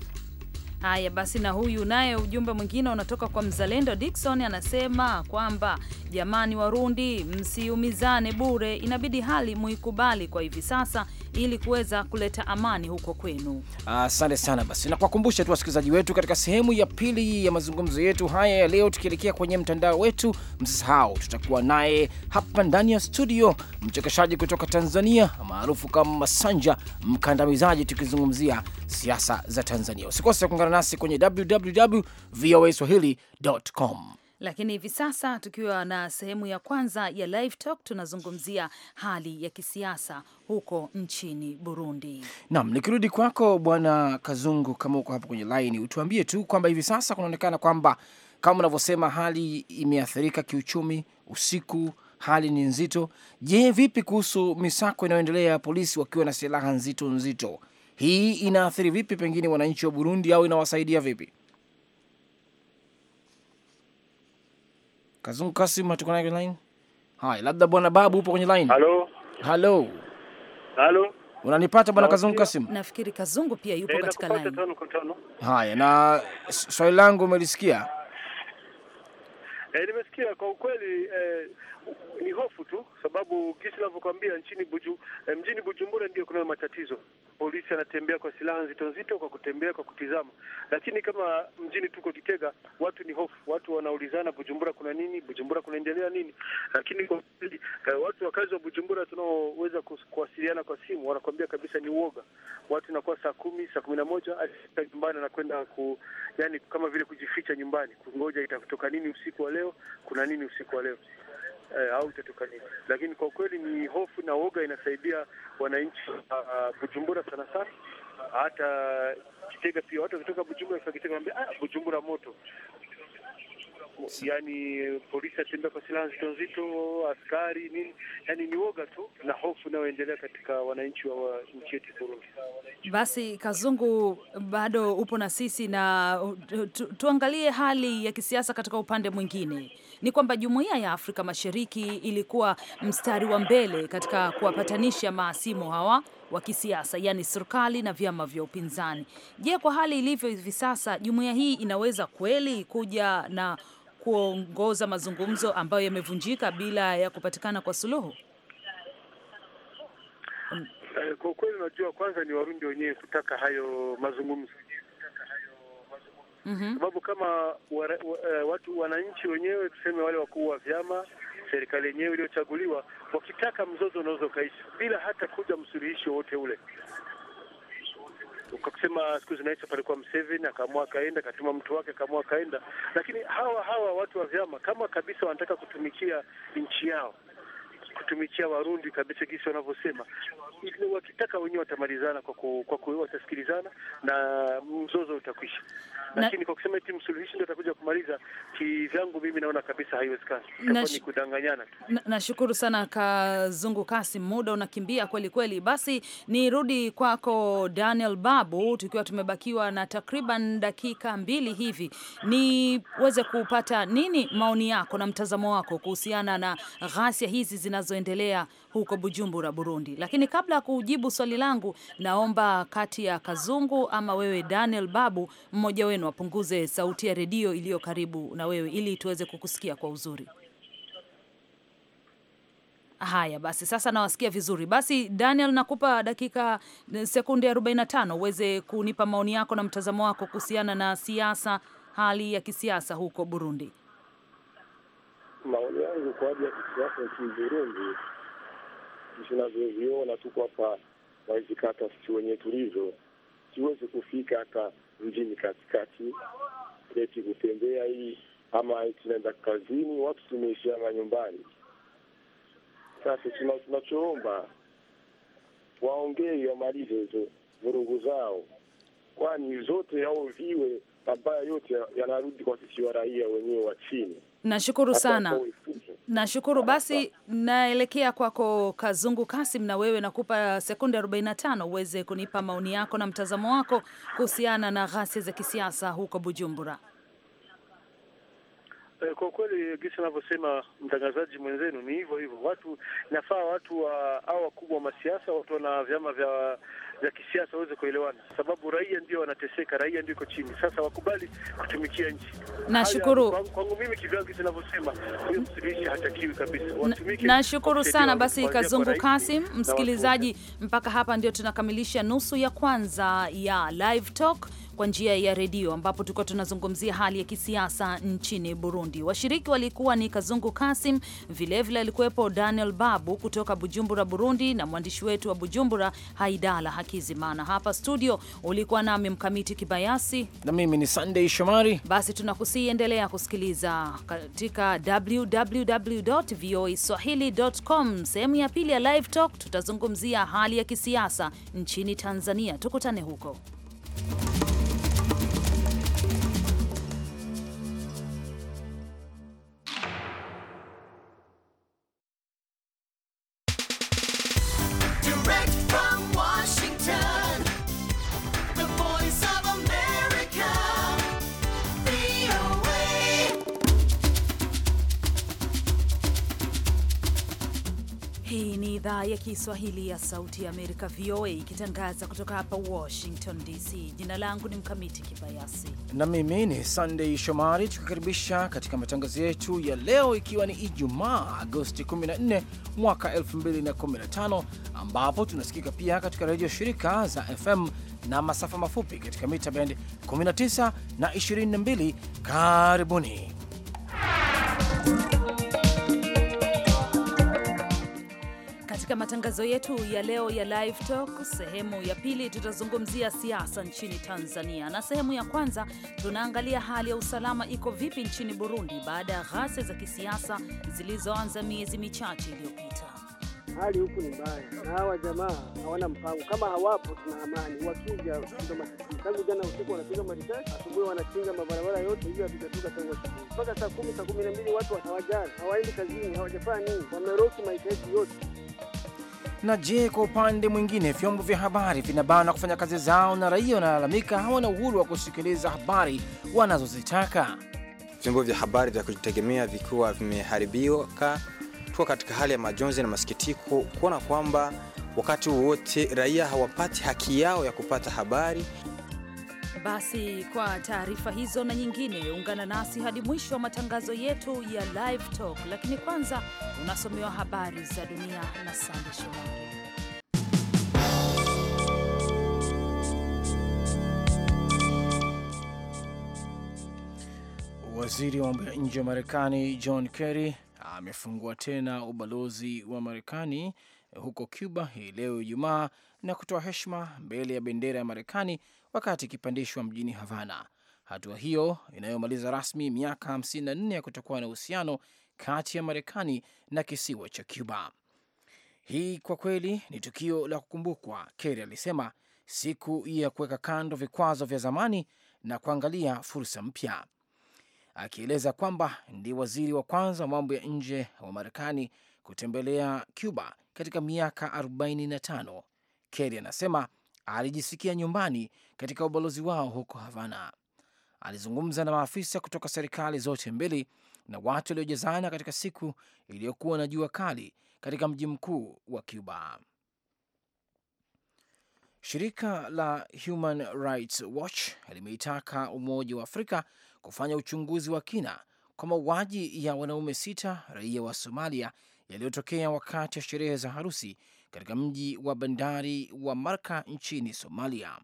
Haya basi, na huyu naye ujumbe mwingine unatoka kwa mzalendo Dickson, anasema kwamba jamani, Warundi msiumizane bure, inabidi hali muikubali kwa hivi sasa ili kuweza kuleta amani huko kwenu. Asante ah, sana. Basi nakuwakumbusha tu wasikilizaji wetu katika sehemu ya pili ya mazungumzo yetu haya ya leo, tukielekea kwenye mtandao wetu, msisahau tutakuwa naye hapa ndani ya studio mchekeshaji kutoka Tanzania maarufu kama Masanja Mkandamizaji, tukizungumzia siasa za Tanzania. Usikose kuungana nasi kwenye www voa swahili.com. Lakini hivi sasa tukiwa na sehemu ya kwanza ya live talk, tunazungumzia hali ya kisiasa huko nchini Burundi. Naam, nikirudi kwako Bwana Kazungu, kama uko hapo kwenye laini, utuambie tu kwamba hivi sasa kunaonekana kwamba kama unavyosema, hali imeathirika kiuchumi, usiku hali ni nzito. Je, vipi kuhusu misako inayoendelea ya polisi wakiwa na silaha nzito nzito? hii inaathiri vipi pengine wananchi wa Burundi au inawasaidia vipi? Kazungu Kasim, hatuko naye line. Hai, labda bwana Babu upo kwenye line. Halo. Halo. Halo. Unanipata bwana Kazungu Kasim? Nafikiri Kazungu pia yupo e, katika line. Haya, na swali langu umelisikia? Eh, nimesikia kwa ukweli eh, ni hofu tu, sababu kisi ninavyokuambia nchini buju, eh, mjini Bujumbura ndio kuna matatizo. Polisi anatembea kwa silaha nzito nzito, kwa kutembea, kwa kutizama, lakini kama mjini tuko Kitega, watu ni hofu, watu wanaulizana Bujumbura kuna nini, Bujumbura kunaendelea nini. Lakini kwa kweli eh, watu wakazi wa Bujumbura tunaoweza kuwasiliana kwa simu wanakwambia kabisa ni uoga. Watu inakuwa saa kumi saa kumi na moja alifika nyumbani anakwenda ku, yani kama vile kujificha nyumbani kungoja itatoka nini usiku wa leo, kuna nini usiku wa leo eh, au itatokani. Lakini kwa kweli ni hofu na woga inasaidia wananchi uh, Bujumbura sana sana hata Kitega pia watu wakitoka Bujumbura, Kitega wambia ah, Bujumbura moto yani polisi atembea kwa silaha nzito nzito, askari nini, yani ni woga tu na hofu inayoendelea katika wananchi wa nchi yetu Burundi. Basi Kazungu, bado upo na sisi na tu, tuangalie hali ya kisiasa katika upande mwingine. Ni kwamba jumuiya ya Afrika Mashariki ilikuwa mstari wa mbele katika kuwapatanisha maasimu hawa wa kisiasa, yaani serikali na vyama vya upinzani. Je, kwa hali ilivyo hivi sasa, jumuiya hii inaweza kweli kuja na kuongoza mazungumzo ambayo yamevunjika bila ya kupatikana kwa suluhu? Eh, kwa kweli, unajua, kwanza ni Warundi wenyewe kutaka hayo mazungumzo mhm. sababu mm -hmm. Kama wa, wa, eh, watu wananchi wenyewe tuseme, wale wakuu wa vyama, serikali yenyewe iliyochaguliwa, wakitaka mzozo unaweza ukaisha bila hata kuja msuluhishi wowote ule ukasema siku zinaisha, palikuwa Mseveni akaamua akaenda, akatuma mtu wake akaamua akaenda. Lakini hawa hawa watu wa vyama kama kabisa wanataka kutumikia nchi yao kutumikia Warundi kabisa gisi wanavyosema, wakitaka wenyewe watamalizana kwa ku, kwa ku, watasikilizana na mzozo utakwisha, lakini kwa kusema eti msuluhishi ndio atakuja kumaliza, kivyangu mimi naona kabisa haiwezekani, ni kudanganyana tu. Nashukuru na sana Kazungu Kasi, muda unakimbia kweli kweli. Basi nirudi kwako Daniel Babu, tukiwa tumebakiwa na takriban dakika mbili hivi, niweze kupata nini maoni yako na mtazamo wako kuhusiana na ghasia hizi zinazo linaloendelea huko Bujumbura, Burundi. Lakini kabla ya kujibu swali langu, naomba kati ya Kazungu ama wewe Daniel Babu, mmoja wenu apunguze sauti ya redio iliyo karibu na wewe ili tuweze kukusikia kwa uzuri. Haya basi, sasa nawasikia vizuri. Basi Daniel, nakupa dakika eh, sekunde 45 uweze kunipa maoni yako na mtazamo wako kuhusiana na siasa, hali ya kisiasa huko Burundi. Maoni lakini ya wa kisiasa nchini Burundi tunavyoviona tuko hapa mawezi kata sisi wenye tulizo, siwezi kufika hata mjini katikati, eti kutembea hii ama tunaenda kazini, watu tumeishia manyumbani. Sasa tunachoomba waongee, wamalize hizo vurugu zao, kwani zote au viwe mabaya yote yanarudi kwa sisi wa raia wenyewe wa chini. Nashukuru sana. Nashukuru basi, naelekea kwako Kazungu Kasim, na wewe nakupa sekunde 45 uweze kunipa maoni yako na mtazamo wako kuhusiana na ghasia za kisiasa huko Bujumbura. Eh, kwa ukweli gisi anavyosema mtangazaji mwenzenu ni hivyo hivyo, watu nafaa watu wa au wakubwa wa masiasa, watu na vyama vya za kisiasa waweze kuelewana, sababu raia ndio wanateseka, raia ndio iko chini. Sasa wakubali kutumikia nchi. Nashukuru kwangu mimi kivyangu zinavyosema, huyo msuluhishi hatakiwi kabisa, watumike. Nashukuru sana. Basi Kazungu Kasim, msikilizaji, mpaka hapa ndio tunakamilisha nusu ya kwanza ya Live Talk kwa njia ya redio ambapo tulikuwa tunazungumzia hali ya kisiasa nchini Burundi. Washiriki walikuwa ni Kazungu Kasim, vilevile alikuwepo Daniel Babu kutoka Bujumbura, Burundi, na mwandishi wetu wa Bujumbura Haidala Hakizimana. Hapa studio ulikuwa nami Mkamiti Kibayasi na mimi ni Sunday Shomari. Basi tunakusii endelea kusikiliza katika www.voaswahili.com. Sehemu ya pili ya Live Talk tutazungumzia hali ya kisiasa nchini Tanzania. Tukutane huko. idhaa ya Kiswahili ya Sauti ya Amerika, VOA, ikitangaza kutoka hapa Washington DC. Jina langu ni Mkamiti Kibayasi na mimi ni Sandei Shomari, tukikaribisha katika matangazo yetu ya leo, ikiwa ni Ijumaa Agosti 14 mwaka 2015, ambapo tunasikika pia katika redio shirika za FM na masafa mafupi katika mita bend 19 na 22. Karibuni katika matangazo yetu ya leo ya Live Talk sehemu ya pili, tutazungumzia siasa nchini Tanzania, na sehemu ya kwanza tunaangalia hali ya usalama iko vipi nchini Burundi baada ya ghasia za kisiasa zilizoanza miezi michache iliyopita. Hali huku ni mbaya na hawa jamaa hawana mpango. Kama hawapo, tuna amani, wakija ndio matatizo. Tangu jana usiku wanapiga marisasi, asubuhi wanachinja mabarabara yote, hiyo havijatoka tangu asubuhi mpaka saa kumi, saa kumi na mbili, watu hawajali, hawaendi kazini, hawajafanya nini, wameroki maisha yetu yote. Na je, kwa upande mwingine vyombo vya habari vinabana kufanya kazi zao na raia wanalalamika hawana uhuru wa kusikiliza habari wanazozitaka. Vyombo vya habari vya kujitegemea vikiwa vimeharibika tuko katika hali ya majonzi na masikitiko kuona kwamba wakati wowote raia hawapati haki yao ya kupata habari basi kwa taarifa hizo na nyingine, ungana nasi hadi mwisho wa matangazo yetu ya Live Talk, lakini kwanza unasomewa habari za dunia na Sande Shomari. Waziri wa mambo ya nje wa Marekani John Kerry amefungua tena ubalozi wa Marekani huko Cuba hii leo Ijumaa na kutoa heshima mbele ya bendera ya Marekani wakati ikipandishwa mjini Havana. Hatua hiyo inayomaliza rasmi miaka 54 ya kutokuwa na uhusiano kati ya Marekani na kisiwa cha Cuba. Hii kwa kweli ni tukio la kukumbukwa, Kerry alisema, siku ya kuweka kando vikwazo vya zamani na kuangalia fursa mpya, akieleza kwamba ndi waziri wa kwanza wa mambo ya nje wa Marekani kutembelea Cuba katika miaka 45 Kerry anasema alijisikia nyumbani katika ubalozi wao huko Havana. Alizungumza na maafisa kutoka serikali zote mbili na watu waliojazana katika siku iliyokuwa na jua kali katika mji mkuu wa Cuba. Shirika la Human Rights Watch limeitaka Umoja wa Afrika kufanya uchunguzi wa kina kwa mauaji ya wanaume sita raia wa Somalia yaliyotokea wakati wa sherehe za harusi katika mji wa bandari wa Marka nchini Somalia.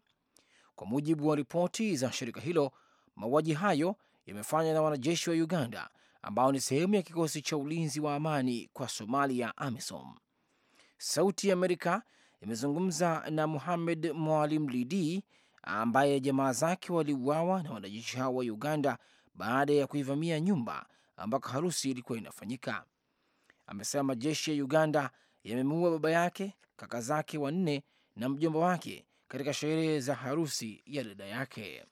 Kwa mujibu wa ripoti za shirika hilo, mauaji hayo yamefanywa na wanajeshi wa Uganda ambao ni sehemu ya kikosi cha ulinzi wa amani kwa Somalia, AMISOM. Sauti ya Amerika imezungumza na Muhamed Mwalim Lidi ambaye jamaa zake waliuawa na wanajeshi hao wa Uganda baada ya kuivamia nyumba ambako harusi ilikuwa inafanyika. Amesema jeshi ya Uganda yamemuua baba yake, kaka zake wanne na mjomba wake katika sherehe za harusi ya dada yake.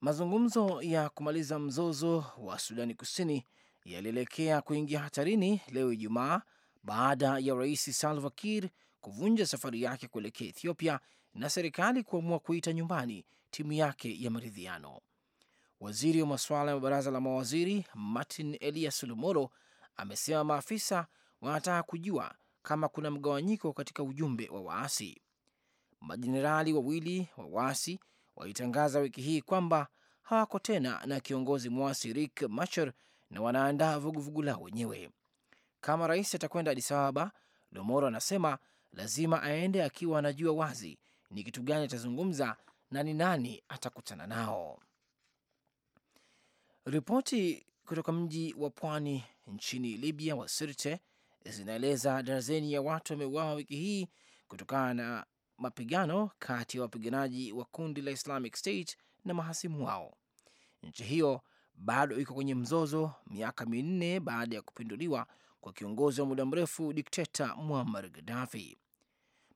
Mazungumzo ya kumaliza mzozo wa Sudani Kusini yalielekea kuingia hatarini leo Ijumaa baada ya Rais Salva Kiir kuvunja safari yake kuelekea Ethiopia na serikali kuamua kuita nyumbani timu yake ya maridhiano. Waziri wa masuala ya baraza la mawaziri Martin Elias lumoro amesema maafisa wanataka kujua kama kuna mgawanyiko katika ujumbe wa waasi. Majenerali wawili wa waasi walitangaza wiki hii kwamba hawako tena na kiongozi mwasi rik Machar na wanaandaa vuguvugu lao wenyewe. Kama rais atakwenda Addis Ababa, Lomoro anasema lazima aende akiwa anajua wazi ni kitu gani atazungumza na ni nani atakutana nao. Ripoti kutoka mji wa pwani nchini Libya wa Sirte zinaeleza darzeni ya watu wameuawa wiki hii kutokana na mapigano kati ya wapiganaji wa kundi la Islamic State na mahasimu wao. Nchi hiyo bado iko kwenye mzozo miaka minne baada ya kupinduliwa kwa kiongozi wa muda mrefu dikteta Muammar Gaddafi.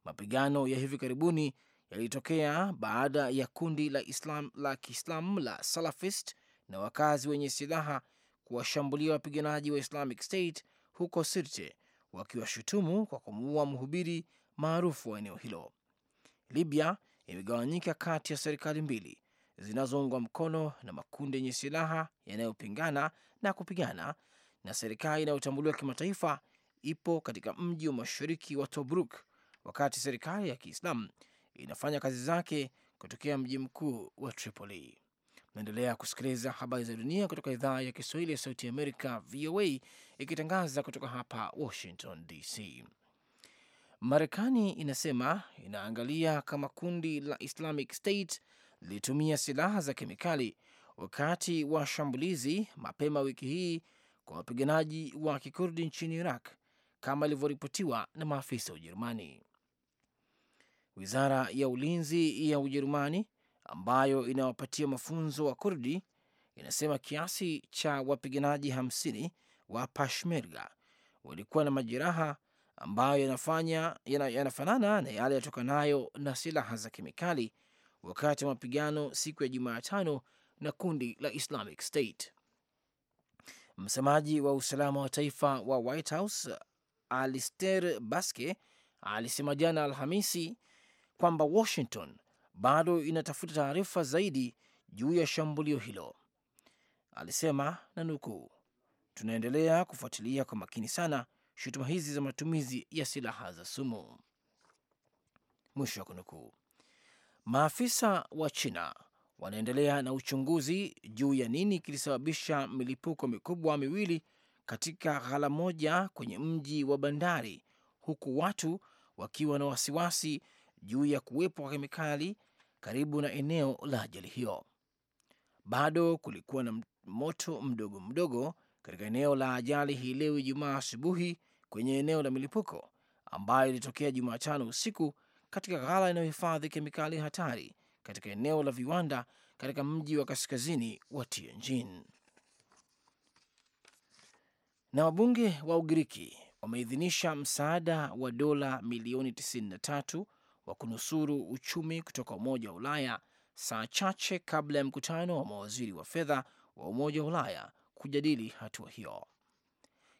Mapigano ya hivi karibuni yalitokea baada ya kundi la Islam, la Kiislamu la Salafist na wakazi wenye silaha kuwashambulia wapiganaji wa Islamic State huko Sirte, wakiwashutumu kwa kumuua mhubiri maarufu wa eneo hilo. Libya imegawanyika kati ya serikali mbili zinazoungwa mkono na makundi yenye silaha yanayopingana na kupigana, na serikali inayotambuliwa kimataifa ipo katika mji wa mashariki wa Tobruk, wakati serikali ya Kiislamu inafanya kazi zake kutokea mji mkuu wa Tripoli. Naendelea kusikiliza habari za dunia kutoka idhaa ya Kiswahili ya Sauti Amerika, VOA, ikitangaza kutoka hapa Washington DC. Marekani inasema inaangalia kama kundi la Islamic State lilitumia silaha za kemikali wakati wa shambulizi mapema wiki hii kwa wapiganaji wa kikurdi nchini Iraq kama ilivyoripotiwa na maafisa wa Ujerumani. Wizara ya ulinzi ya Ujerumani ambayo inawapatia mafunzo wa Kurdi inasema kiasi cha wapiganaji hamsini wa Peshmerga walikuwa na majeraha ambayo yanafanya, yanafanana na yale yatokanayo na silaha za kemikali wakati wa mapigano siku ya Jumatano na kundi la Islamic State. Msemaji wa usalama wa taifa wa White House Alister Baske alisema jana Alhamisi kwamba Washington bado inatafuta taarifa zaidi juu ya shambulio hilo, alisema na nukuu, tunaendelea kufuatilia kwa makini sana shutuma hizi za matumizi ya silaha za sumu, mwisho wa kunukuu. Maafisa wa China wanaendelea na uchunguzi juu ya nini kilisababisha milipuko mikubwa miwili katika ghala moja kwenye mji wa bandari, huku watu wakiwa na wasiwasi juu ya kuwepo kwa kemikali karibu na eneo la ajali hiyo. Bado kulikuwa na moto mdogo mdogo katika eneo la ajali hii leo Ijumaa asubuhi kwenye eneo la milipuko ambayo ilitokea Jumatano usiku katika ghala inayohifadhi kemikali hatari katika eneo la viwanda katika mji wa kaskazini wa Tianjin. Na wabunge wa Ugiriki wameidhinisha msaada wa dola milioni 93 wa kunusuru uchumi kutoka Umoja wa Ulaya saa chache kabla ya mkutano wa mawaziri wa fedha wa Umoja wa Ulaya kujadili hatua hiyo.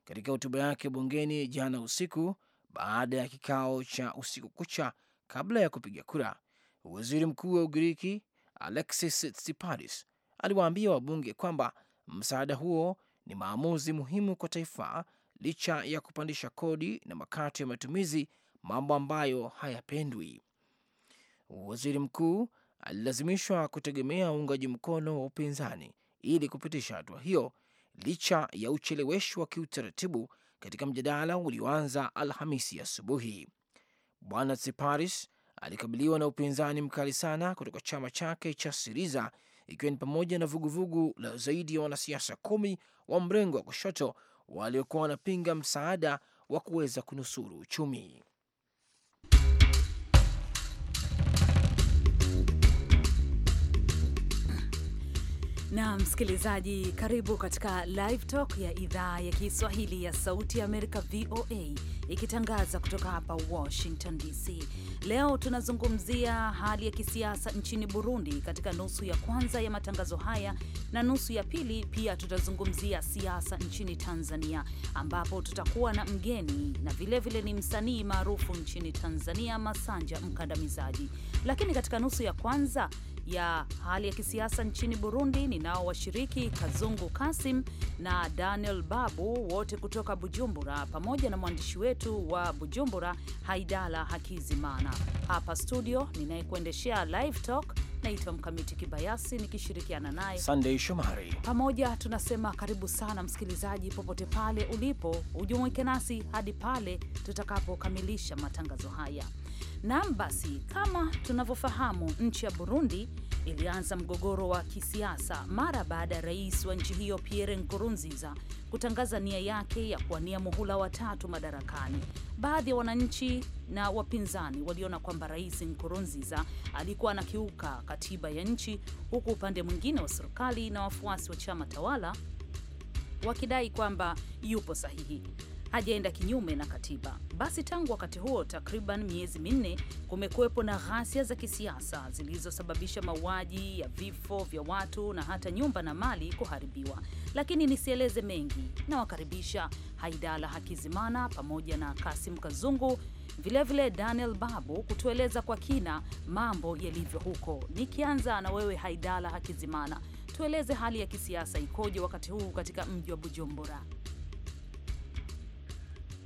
Katika hotuba yake bungeni jana usiku, baada ya kikao cha usiku kucha kabla ya kupiga kura, waziri mkuu wa Ugiriki Alexis Tsiparis aliwaambia wabunge kwamba msaada huo ni maamuzi muhimu kwa taifa licha ya kupandisha kodi na makato ya matumizi mambo ambayo hayapendwi. Waziri mkuu alilazimishwa kutegemea uungaji mkono wa upinzani ili kupitisha hatua hiyo licha ya ucheleweshi wa kiutaratibu katika mjadala ulioanza Alhamisi asubuhi. Bwana Tsiparis alikabiliwa na upinzani mkali sana kutoka chama chake cha Siriza, ikiwa ni pamoja na vuguvugu vugu la zaidi ya wanasiasa kumi wa mrengo wa kushoto waliokuwa wanapinga msaada wa kuweza kunusuru uchumi. Na msikilizaji, karibu katika Live Talk ya idhaa ya Kiswahili ya Sauti ya Amerika, VOA, ikitangaza kutoka hapa Washington DC. Leo tunazungumzia hali ya kisiasa nchini Burundi katika nusu ya kwanza ya matangazo haya, na nusu ya pili pia tutazungumzia siasa nchini Tanzania, ambapo tutakuwa na mgeni na vilevile vile ni msanii maarufu nchini Tanzania, Masanja Mkandamizaji. Lakini katika nusu ya kwanza ya hali ya kisiasa nchini Burundi ninao washiriki Kazungu Kasim na Daniel Babu wote kutoka Bujumbura, pamoja na mwandishi wetu wa Bujumbura Haidala Hakizimana. Hapa studio ninayekuendeshea live talk naitwa Mkamiti Kibayasi nikishirikiana naye Sunday Shomari. Pamoja tunasema karibu sana msikilizaji, popote pale ulipo, ujumuike nasi hadi pale tutakapokamilisha matangazo haya. Naam, basi kama tunavyofahamu, nchi ya Burundi ilianza mgogoro wa kisiasa mara baada ya rais wa nchi hiyo Pierre Nkurunziza kutangaza nia yake ya kuwania muhula wa tatu madarakani. Baadhi ya wananchi na wapinzani waliona kwamba rais Nkurunziza alikuwa anakiuka katiba ya nchi, huku upande mwingine wa serikali na wafuasi wa chama tawala wakidai kwamba yupo sahihi hajaenda kinyume na katiba. Basi tangu wakati huo takriban miezi minne kumekuwepo na ghasia za kisiasa zilizosababisha mauaji ya vifo vya watu na hata nyumba na mali kuharibiwa. Lakini nisieleze mengi, nawakaribisha Haidala Hakizimana pamoja na Kasim Kazungu vilevile vile Daniel Babu kutueleza kwa kina mambo yalivyo huko. Nikianza na wewe Haidala Hakizimana, tueleze hali ya kisiasa ikoje wakati huu katika mji wa Bujumbura?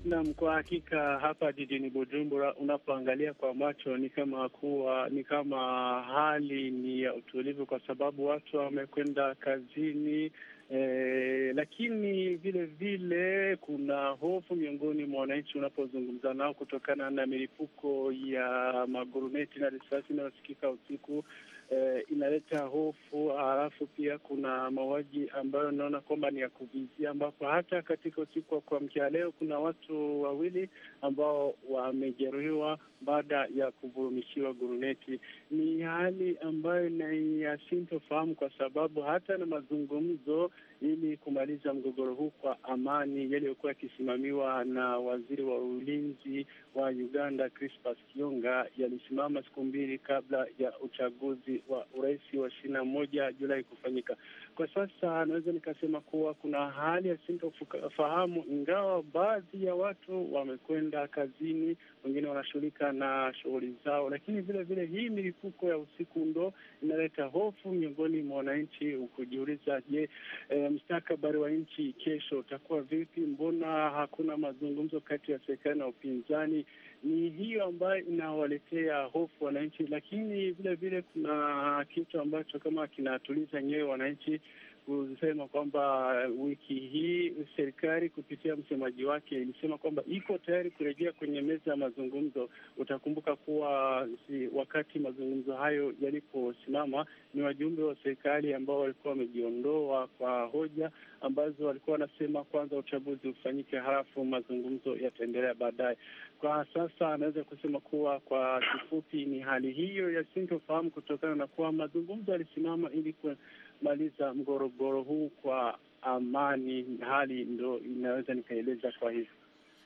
Naam, kwa hakika hapa jijini Bujumbura unapoangalia kwa macho ni kama kuwa ni kama hali ni ya utulivu, kwa sababu watu wamekwenda kazini eh, lakini vile vile kuna hofu miongoni mwa wananchi unapozungumza nao kutokana na milipuko ya maguruneti na risasi inayosikika usiku eh, inaleta hofu. Halafu pia kuna mauaji ambayo naona kwamba ni ya kuvizia, ambapo hata katika usiku wa kuamkia leo kuna watu wawili ambao wamejeruhiwa baada ya kuvurumishiwa guruneti ni hali ambayo ni ya kwa sababu hata na mazungumzo ili kumaliza mgogoro huu kwa amani yaliyokuwa yakisimamiwa na waziri wa ulinzi wa Uganda Crispas Kionga yalisimama siku mbili kabla ya uchaguzi wa urais wa ishirini na moja Julai kufanyika. Kwa sasa naweza nikasema kuwa kuna hali ya sintofahamu, ingawa baadhi ya watu wamekwenda kazini, wengine wanashughulika na shughuli zao, lakini vile vile hii milipuko ya usiku ndo inaleta hofu miongoni mwa wananchi, ukujiuliza je, e, mstakabari wa nchi kesho utakuwa vipi? Mbona hakuna mazungumzo kati ya serikali na upinzani? Ni hiyo ambayo inawaletea hofu wananchi, lakini vile vile kuna kitu ambacho kama kinatuliza nyewe wananchi kusema kwamba uh, wiki hii serikali kupitia msemaji wake ilisema kwamba iko tayari kurejea kwenye meza ya mazungumzo. Utakumbuka kuwa si, wakati mazungumzo hayo yaliposimama ni wajumbe wa serikali ambao walikuwa wamejiondoa kwa hoja ambazo walikuwa wanasema kwanza uchaguzi ufanyike, halafu mazungumzo yataendelea baadaye. Kwa sasa anaweza kusema kuwa kwa kifupi ni hali hiyo ya sintofahamu kutokana na kuwa mazungumzo yalisimama ili kumaliza mgorogoro huu kwa amani, hali ndo inaweza nikaeleza kwa hivyo.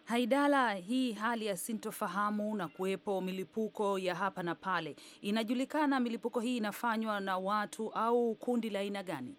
Haidala, hii hali ya sintofahamu na kuwepo milipuko ya hapa na pale, inajulikana milipuko hii inafanywa na watu au kundi la aina gani?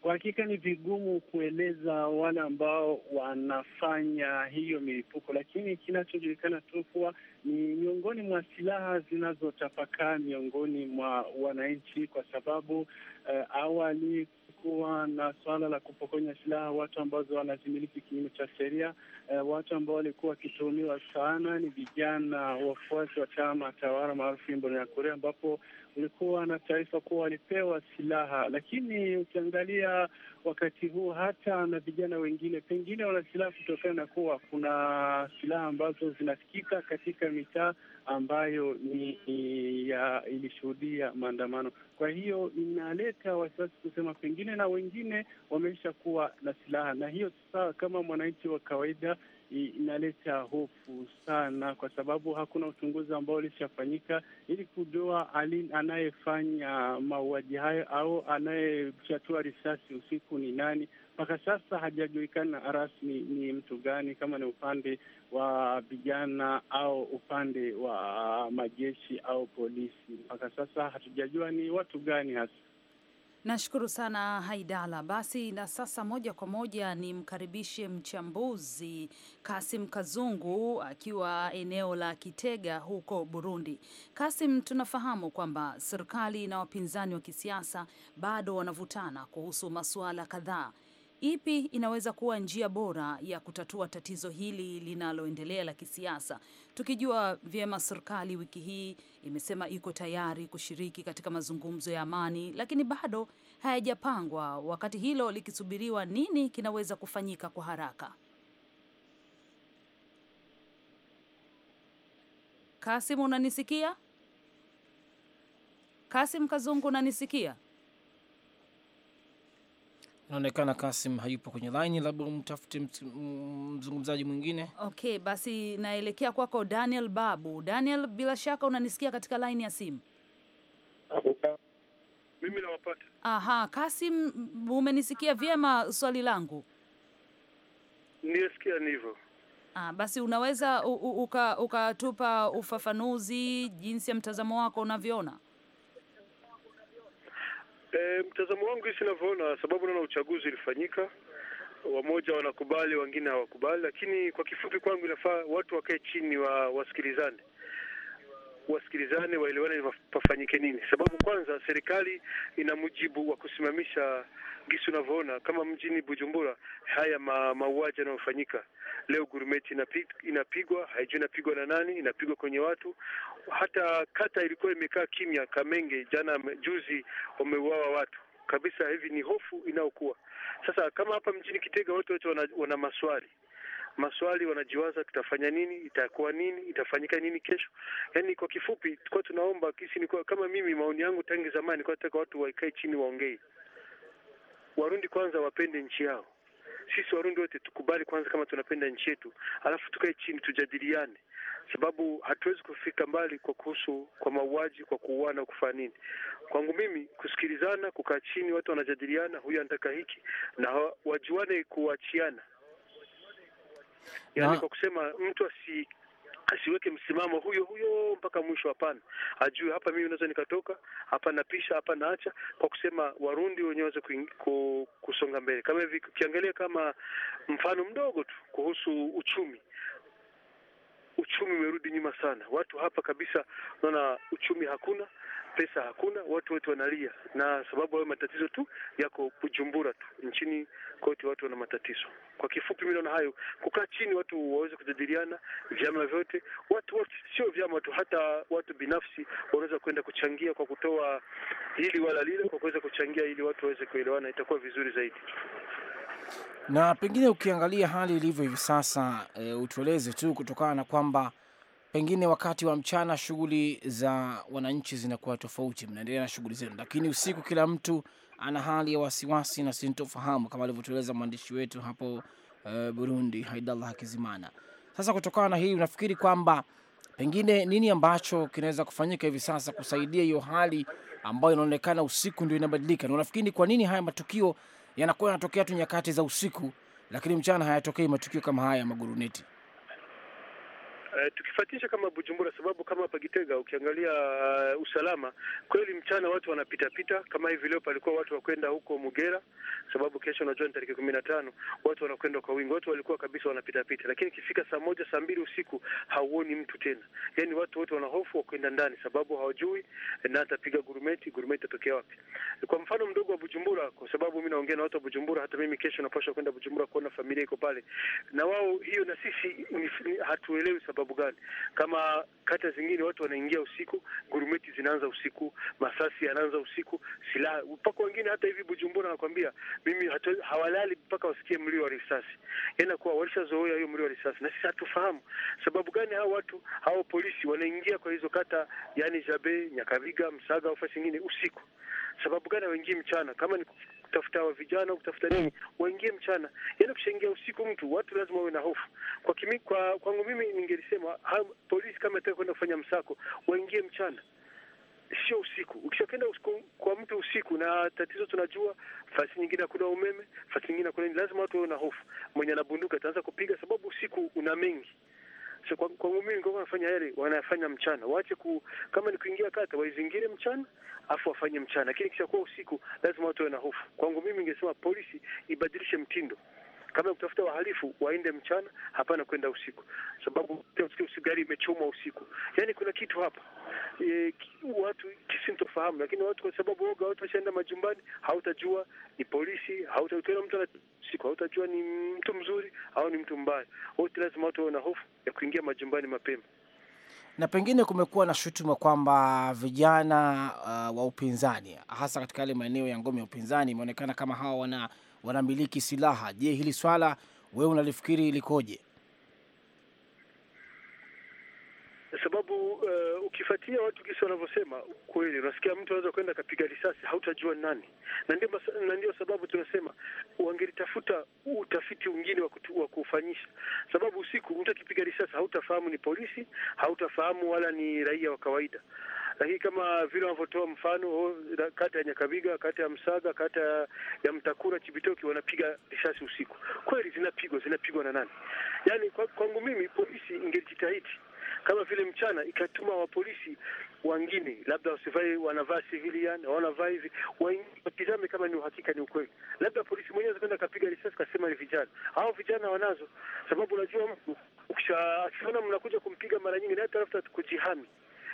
Kwa hakika ni vigumu kueleza wale ambao wanafanya hiyo milipuko, lakini kinachojulikana tu kuwa ni miongoni mwa silaha zinazotapakaa miongoni mwa wananchi, kwa sababu uh, awali kuwa na suala la kupokonya silaha watu ambazo wanazimiliki kinyume cha sheria. Uh, watu ambao walikuwa wakituhumiwa sana ni vijana wafuasi wa chama tawala maarufu Imbonerakure, ambapo ulikuwa na taarifa kuwa walipewa silaha, lakini ukiangalia wakati huu hata na vijana wengine pengine wana silaha kutokana na kuwa kuna silaha ambazo zinasikika katika mitaa ambayo ni ya ilishuhudia maandamano. Kwa hiyo inaleta wasiwasi kusema pengine na wengine wameisha kuwa na silaha, na hiyo sasa, kama mwananchi wa kawaida inaleta hofu sana, kwa sababu hakuna uchunguzi ambao ulishafanyika ili kujua anayefanya mauaji hayo au anayefyatua risasi usiku ni nani. Mpaka sasa hajajulikana rasmi ni mtu gani, kama ni upande wa vijana au upande wa majeshi au polisi. Mpaka sasa hatujajua ni watu gani hasa. Nashukuru sana Haidala. Basi na sasa moja kwa moja nimkaribishe mchambuzi Kasim Kazungu akiwa eneo la Kitega huko Burundi. Kasim, tunafahamu kwamba serikali na wapinzani wa kisiasa bado wanavutana kuhusu masuala kadhaa ipi inaweza kuwa njia bora ya kutatua tatizo hili linaloendelea la kisiasa, tukijua vyema serikali wiki hii imesema iko tayari kushiriki katika mazungumzo ya amani, lakini bado hayajapangwa. Wakati hilo likisubiriwa, nini kinaweza kufanyika kwa haraka? Kasim, unanisikia? Kasim Kazungu, unanisikia? naonekana Kasim hayupo kwenye laini, labda umtafute mzungumzaji mwingine. Okay, basi naelekea kwako kwa Daniel Babu. Daniel, bila shaka unanisikia katika laini ya simu? Mimi nawapata. Aha, Kasim, umenisikia vyema swali langu? Nilisikia ni hivyo. Ah, basi unaweza ukatupa uka ufafanuzi jinsi ya mtazamo wako unavyoona E, mtazamo wangu hisi inavyoona sababu naona uchaguzi ulifanyika, wamoja wanakubali, wengine hawakubali, lakini kwa kifupi kwangu inafaa watu wakae chini wa wasikilizane, wasikilizane, waelewane pafanyike nini, sababu kwanza serikali ina mujibu wa kusimamisha gisi unavyoona kama mjini Bujumbura haya ma, mauaji yanayofanyika leo, gurumeti inapigwa, haijui inapigwa na nani, inapigwa kwenye watu. Hata kata ilikuwa imekaa kimya, Kamenge jana juzi wameuawa watu kabisa. Hivi ni hofu inayokuwa sasa. Kama hapa mjini Kitega, watu wote wana, wana maswali maswali, wanajiwaza tutafanya nini, itakuwa nini, itafanyika nini kesho. Yani kwa kifupi, tulikuwa tunaomba kisi, kama mimi maoni yangu tangi zamani, kwa nataka watu waikae chini waongee. Warundi kwanza wapende nchi yao. Sisi Warundi wote tukubali kwanza kama tunapenda nchi yetu, alafu tukae chini tujadiliane, sababu hatuwezi kufika mbali kwa kuhusu kwa mauaji, kwa kuuana, kufanya nini. Kwangu mimi, kusikilizana, kukaa chini, watu wanajadiliana, huyu anataka hiki, na wajuane kuachiana yani ah. kwa kusema mtu asi asiweke msimamo huyo huyo mpaka mwisho. Hapana, ajue hapa mimi naweza nikatoka hapa, napisha hapa, naacha kwa kusema Warundi wenyewe waweze ku, kusonga mbele. Kama hivi ukiangalia kama mfano mdogo tu kuhusu uchumi, uchumi umerudi nyuma sana. Watu hapa kabisa, unaona uchumi hakuna, pesa hakuna, watu wote wanalia, na sababu hayo matatizo tu yako Bujumbura tu, nchini kote watu wana matatizo. Kwa kifupi, mimi naona hayo, kukaa chini, watu waweze kujadiliana, vyama vyote, watu wote, sio vyama tu, hata watu binafsi wanaweza kwenda kuchangia kwa kutoa hili wala lile, kwa kuweza kuchangia ili watu waweze kuelewana, itakuwa vizuri zaidi. Na pengine ukiangalia hali ilivyo hivi sasa, e, utueleze tu kutokana na kwamba pengine wakati wa mchana shughuli za wananchi zinakuwa tofauti, mnaendelea na shughuli zenu, lakini usiku kila mtu ana hali ya wasiwasi na sintofahamu, kama alivyotueleza mwandishi wetu hapo uh, Burundi, Haidallah Hakizimana. Sasa kutokana na hii, unafikiri kwamba pengine nini ambacho kinaweza kufanyika hivi sasa kusaidia hiyo hali ambayo inaonekana usiku ndio inabadilika? Na unafikiri kwa nini haya matukio yanakuwa yanatokea tu nyakati za usiku, lakini mchana hayatokei matukio kama haya ya maguruneti? Uh, eh, tukifatisha kama Bujumbura, sababu kama hapa Gitega ukiangalia uh, usalama kweli, mchana watu wanapita pita, Kama hivi leo palikuwa watu wakwenda huko Mugera, sababu kesho unajua ni tarehe kumi na tano, watu wanakwenda kwa wingi, watu walikuwa kabisa wanapita pita, lakini ikifika saa moja saa mbili usiku hauoni mtu tena, yani watu wote wana hofu wa kwenda ndani, sababu hawajui eh, na atapiga gurumeti, gurumeti itatokea wapi? Kwa mfano mdogo wa Bujumbura, kwa sababu mimi naongea na watu wa Bujumbura, hata mimi kesho napaswa kwenda Bujumbura kuona familia iko pale, na wao hiyo na sisi hatuelewi sababu sababu gani? Kama kata zingine watu wanaingia usiku, gurumeti zinaanza usiku, masasi yanaanza usiku, silaha mpaka wengine hata hivi Bujumbura nakwambia mimi hatu, hawalali mpaka wasikie mlio wa risasi. Inakuwa yaani walishazoea hiyo mlio wa risasi, na sisi hatufahamu sababu gani hao watu hao polisi wanaingia kwa hizo kata, yani Jabe, Nyakabiga, Msaga, ofasi nyingine usiku sababu gani waingie mchana? Kama ni kutafuta wa vijana kutafuta nini, waingie mchana. Yaani ukishaingia usiku, mtu watu lazima wawe na hofu. Kwa kimi, kwa kwangu mimi ningelisema polisi kama ataka kwenda kufanya msako waingie mchana, sio usiku. Ukishakenda kwa mtu usiku, na tatizo tunajua, fasi nyingine hakuna umeme, fasi nyingine hakuna nini, lazima watu wawe na hofu. Mwenye anabunduka ataanza kupiga, sababu usiku una mengi So, kwangu kwa mimi ningekuwa wanafanya yale wanayafanya mchana, waache ku, kama ni kuingia kata waizingire mchana afu wafanye mchana, lakini kisha kuwa usiku lazima watu wawe na hofu. Kwangu mimi ningesema polisi ibadilishe mtindo kama kutafuta wahalifu waende mchana, hapana kwenda usiku, sababu usiku gari imechomwa usiku. Yani kuna kitu hapa e, watu kisintofahamu, lakini watu kwa sababu oga, watu washaenda majumbani, hautajua ni polisi, hautajua mtu usiku, hautajua ni mtu mzuri au ni mtu mbaya. Wote lazima watu wawe na hofu ya kuingia majumbani mapema na pengine kumekuwa na shutuma kwamba vijana uh, wa upinzani hasa katika yale maeneo ya ngome ya upinzani imeonekana kama hawa wana wanamiliki silaha. Je, hili swala wewe unalifikiri ilikoje? sababu uh, eh, ukifuatia watu kisi wanavyosema kweli, unasikia mtu anaweza kwenda akapiga risasi, hautajua nani, na ndio sababu tunasema wangelitafuta utafiti mwingine wa kufanyisha, sababu usiku mtu akipiga risasi hautafahamu ni polisi, hautafahamu wala ni raia wa kawaida. Lakini kama vile wanavyotoa mfano oh, kata ya Nyakabiga, kata ya Msaga, kata ya Mtakura, Chibitoki, wanapiga risasi usiku, kweli zinapigwa, zinapigwa na nani? Yani kwangu mimi polisi ingelijitahidi kama vile mchana ikatuma wapolisi wengine labda wasivai, wanavaa civilian wanavaa hivi, watizame kama ni uhakika ni ukweli, labda polisi mwenyewe kwenda kapiga risasi kasema ni vijana hao. Vijana wanazo sababu, unajua mtu ukishaona mnakuja kumpiga mara nyingi, na hata tafuta kujihami,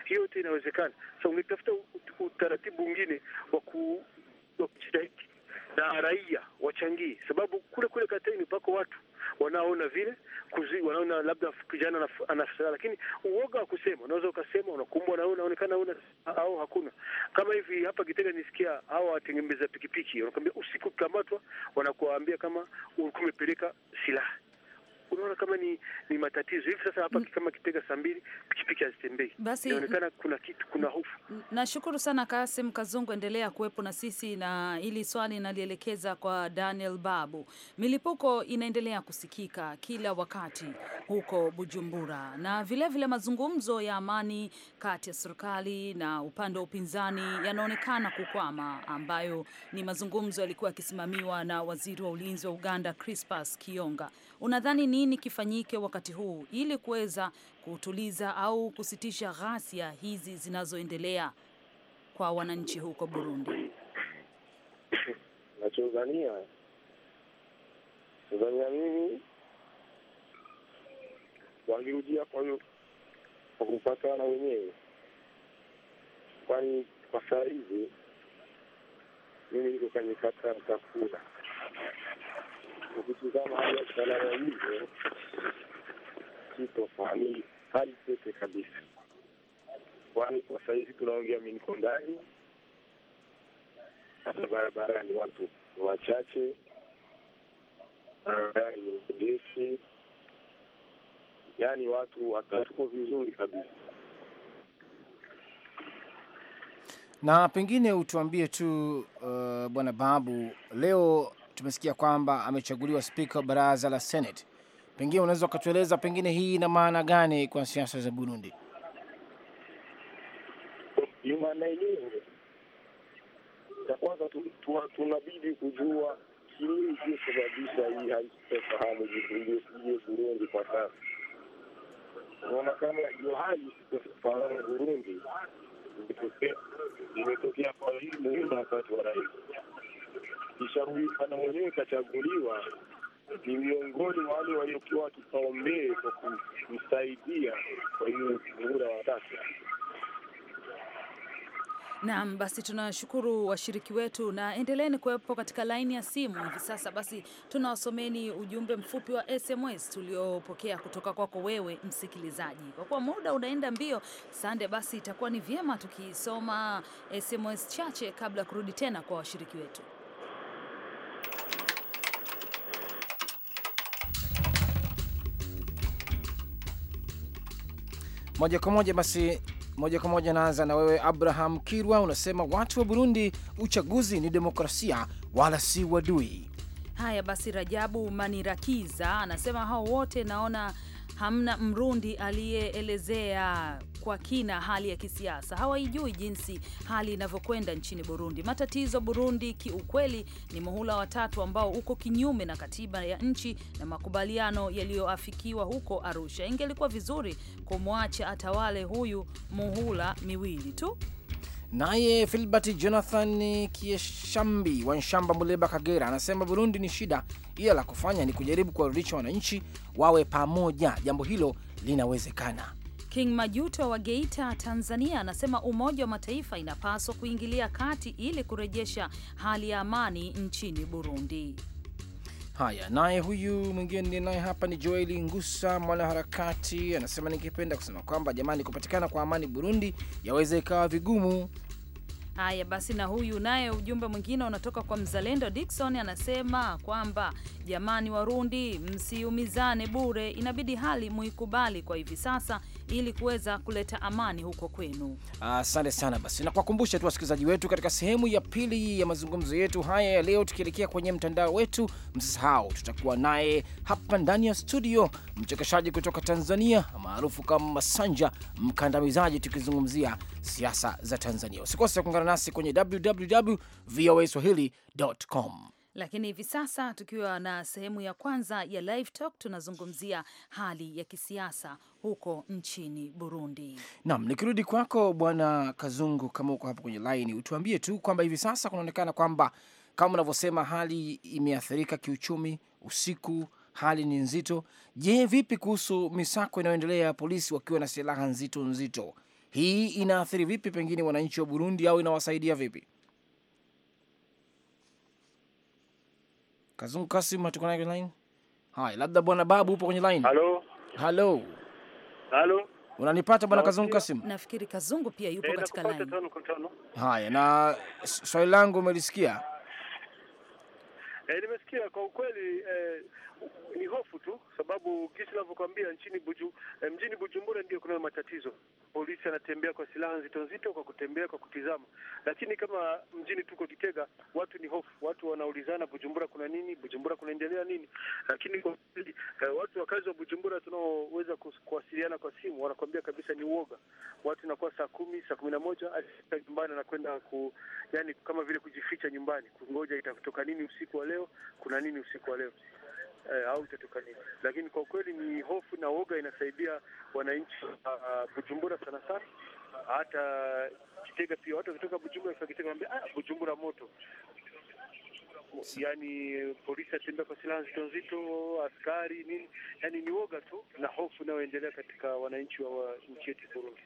hiyo yote inawezekana. so, ungetafuta utaratibu mwingine wa kujitahidi na raia wachangie, sababu kule kule kateni pako watu wanaona vile kuzi, wanaona labda kijana anafsara, lakini uoga wa kusema, unaweza ukasema unakumbwa na unaonekana una au hakuna. Kama hivi hapa Kitega nisikia hawa watengemeza pikipiki wanakuambia kamatwa, wanakuambia kama umepeleka silaha unaona kama ni ni matatizo hivi sasa hapa mm. Kama kitega saa mbili pikipiki hazitembei, basi inaonekana kuna kitu, kuna hofu. Nashukuru sana Kasim Kazungu, endelea kuwepo na sisi, na ili swali nalielekeza kwa Daniel Babu. Milipuko inaendelea kusikika kila wakati huko Bujumbura na vilevile vile mazungumzo ya amani kati ya serikali na upande wa upinzani yanaonekana kukwama, ambayo ni mazungumzo yalikuwa yakisimamiwa na waziri wa ulinzi wa Uganda Crispas Kionga. Unadhani nini kifanyike wakati huu ili kuweza kutuliza au kusitisha ghasia hizi zinazoendelea kwa wananchi huko Burundi? Nachozania zania mimi wangerudia kwa kupatana wenyewe, kwani kwa saa hizi mimi niko kwenye kata ukitizama hali ya usalama hivyo si tofauti, hali tete kabisa, kwani kwa sahizi tunaongea mi niko ndani, hata barabarani ni watu wachache, barabara ni ndefu, yaani watu watatuko vizuri kabisa na pengine utuambie tu uh, Bwana Babu, leo tumesikia kwamba amechaguliwa spika wa baraza la Senate. Pengine unaweza ukatueleza, pengine hii ina maana gani kwa siasa za Burundi? Ni maana yenyewe ya kwanza, tunabidi kujua kini iliyosababisha hii haitofahamu iliyo Burundi kwa sasa. Unaona, kama hiyo hali isitofahamu Burundi imetokea kwa hii muhimu wakati wa rais kisha mwenyewe kachaguliwa, ni miongoni mwa wale waliokuwa wakipaumbele kwa kumsaidia kwa hiyo muhula wa sasa. Naam, basi tunashukuru washiriki wetu na endeleeni kuwepo katika laini ya simu hivi sasa. Basi tunawasomeni ujumbe mfupi wa SMS tuliopokea kutoka kwako wewe msikilizaji. Kwa kuwa muda unaenda mbio, Sande, basi itakuwa ni vyema tukisoma SMS chache kabla ya kurudi tena kwa washiriki wetu. moja kwa moja. Basi moja kwa moja naanza na wewe Abraham Kirwa, unasema watu wa Burundi, uchaguzi ni demokrasia, wala si wadui. Haya basi, Rajabu Manirakiza anasema hao wote naona hamna Mrundi aliyeelezea kwa kina hali ya kisiasa, hawaijui jinsi hali inavyokwenda nchini Burundi. Matatizo Burundi kiukweli ni muhula watatu ambao uko kinyume na katiba ya nchi na makubaliano yaliyoafikiwa huko Arusha. Ingelikuwa vizuri kumwacha atawale huyu muhula miwili tu. Naye Filbert Jonathan Kieshambi wa Nshamba, Muleba, Kagera anasema Burundi ni shida, ila la kufanya ni kujaribu kuwarudisha wananchi wawe pamoja. Jambo hilo linawezekana. King Majuto wa Geita, Tanzania, anasema Umoja wa Mataifa inapaswa kuingilia kati ili kurejesha hali ya amani nchini Burundi. Haya, naye huyu mwingine naye hapa ni Joeli Ngusa, mwanaharakati anasema, ningependa kusema kwamba jamani, kupatikana kwa amani Burundi yaweza ikawa vigumu. Haya basi, na huyu naye ujumbe mwingine unatoka kwa mzalendo dikson anasema kwamba jamani, Warundi msiumizane bure, inabidi hali muikubali kwa hivi sasa ili kuweza kuleta amani huko kwenu. Asante sana. Basi na kuwakumbusha tu wasikilizaji wetu, katika sehemu ya pili ya mazungumzo yetu haya ya leo, tukielekea kwenye mtandao wetu, msisahau tutakuwa naye hapa ndani ya studio mchekeshaji kutoka Tanzania maarufu kama Masanja Mkandamizaji, tukizungumzia siasa za Tanzania. Usikose kuungana nasi kwenye www voa swahili.com. Lakini hivi sasa tukiwa na sehemu ya kwanza ya live talk, tunazungumzia hali ya kisiasa huko nchini Burundi. Naam, nikirudi kwako Bwana Kazungu, kama uko hapo kwenye laini, utuambie tu kwamba hivi sasa kunaonekana kwamba kama unavyosema hali imeathirika kiuchumi, usiku hali ni nzito. Je, vipi kuhusu misako inayoendelea ya polisi wakiwa na silaha nzito nzito? Hii inaathiri vipi pengine wananchi wa Burundi au inawasaidia vipi? Kazum Kasim, hatuko naye kwenye line. Hai, labda bwana Babu upo kwenye line. Halo. Halo. Halo. Unanipata bwana Kazungu Kasim? Nafikiri Kazungu pia yupo e, katika line. Haya, na swali langu umelisikia? Eh, nimesikia kwa ukweli eh, ni hofu tu, sababu kisi navyokwambia nchini buju, eh, mjini Bujumbura ndio kuna matatizo. Polisi anatembea kwa silaha nzito nzito, kwa kutembea, kwa kutizama, lakini kama mjini tuko Kitega, watu ni hofu, watu wanaulizana Bujumbura kuna nini, Bujumbura kunaendelea nini. Lakini kwa kweli eh, watu wakazi wa Bujumbura tunaoweza kuwasiliana kwa simu wanakwambia kabisa ni uoga. Watu inakuwa saa kumi saa kumi na moja nyumbani anakwenda ku, yani kama vile kujificha nyumbani kungoja itatoka nini usiku wa leo, kuna nini usiku wa leo eh, au nini Lakini kwa kweli ni hofu na woga inasaidia wananchi uh, Bujumbura sana sana hata Kitega pia watu wakitoka Bujumbura Kitega wanaambia ah, Bujumbura moto yani polisi atembea kwa silaha nzito nzito, askari nini, yani ni woga tu na hofu inayoendelea katika wananchi wa nchi yetu Burundi.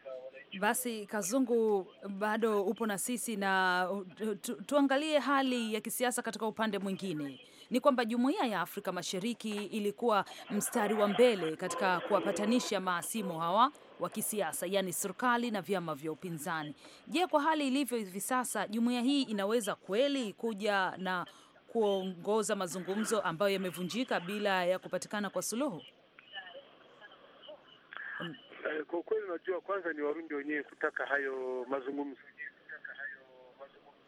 Basi Kazungu, bado upo na sisi na uh, tu, tuangalie hali ya kisiasa katika upande mwingine ni kwamba jumuiya ya Afrika Mashariki ilikuwa mstari wa mbele katika kuwapatanisha maasimu hawa wa kisiasa yaani serikali na vyama vya upinzani. Je, kwa hali ilivyo hivi sasa, jumuiya hii inaweza kweli kuja na kuongoza mazungumzo ambayo yamevunjika bila ya kupatikana kwa suluhu? Eh, kwa kweli, unajua, kwanza ni Warundi wenyewe kutaka hayo mazungumzo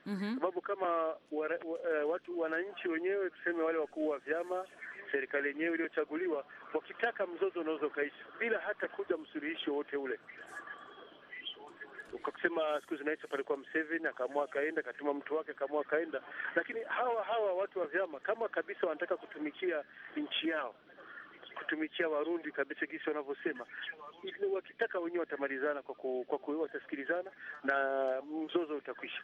mm -hmm. sababu kama wa, e, watu wananchi wenyewe tuseme wale wakuu wa vyama serikali yenyewe iliyochaguliwa wakitaka mzozo unaweza ukaisha bila hata kuja msuluhishi wowote ule. Ukakusema siku zinaisha, palikuwa Mseveni akaamua akaenda, akatuma mtu wake akaamua akaenda. Lakini hawa hawa watu wa vyama kama kabisa wanataka kutumikia nchi yao, kutumikia Warundi kabisa, kisi wanavyosema, wakitaka wenyewe watamalizana kwa ku, kwa ku, watasikilizana na mzozo utakwisha,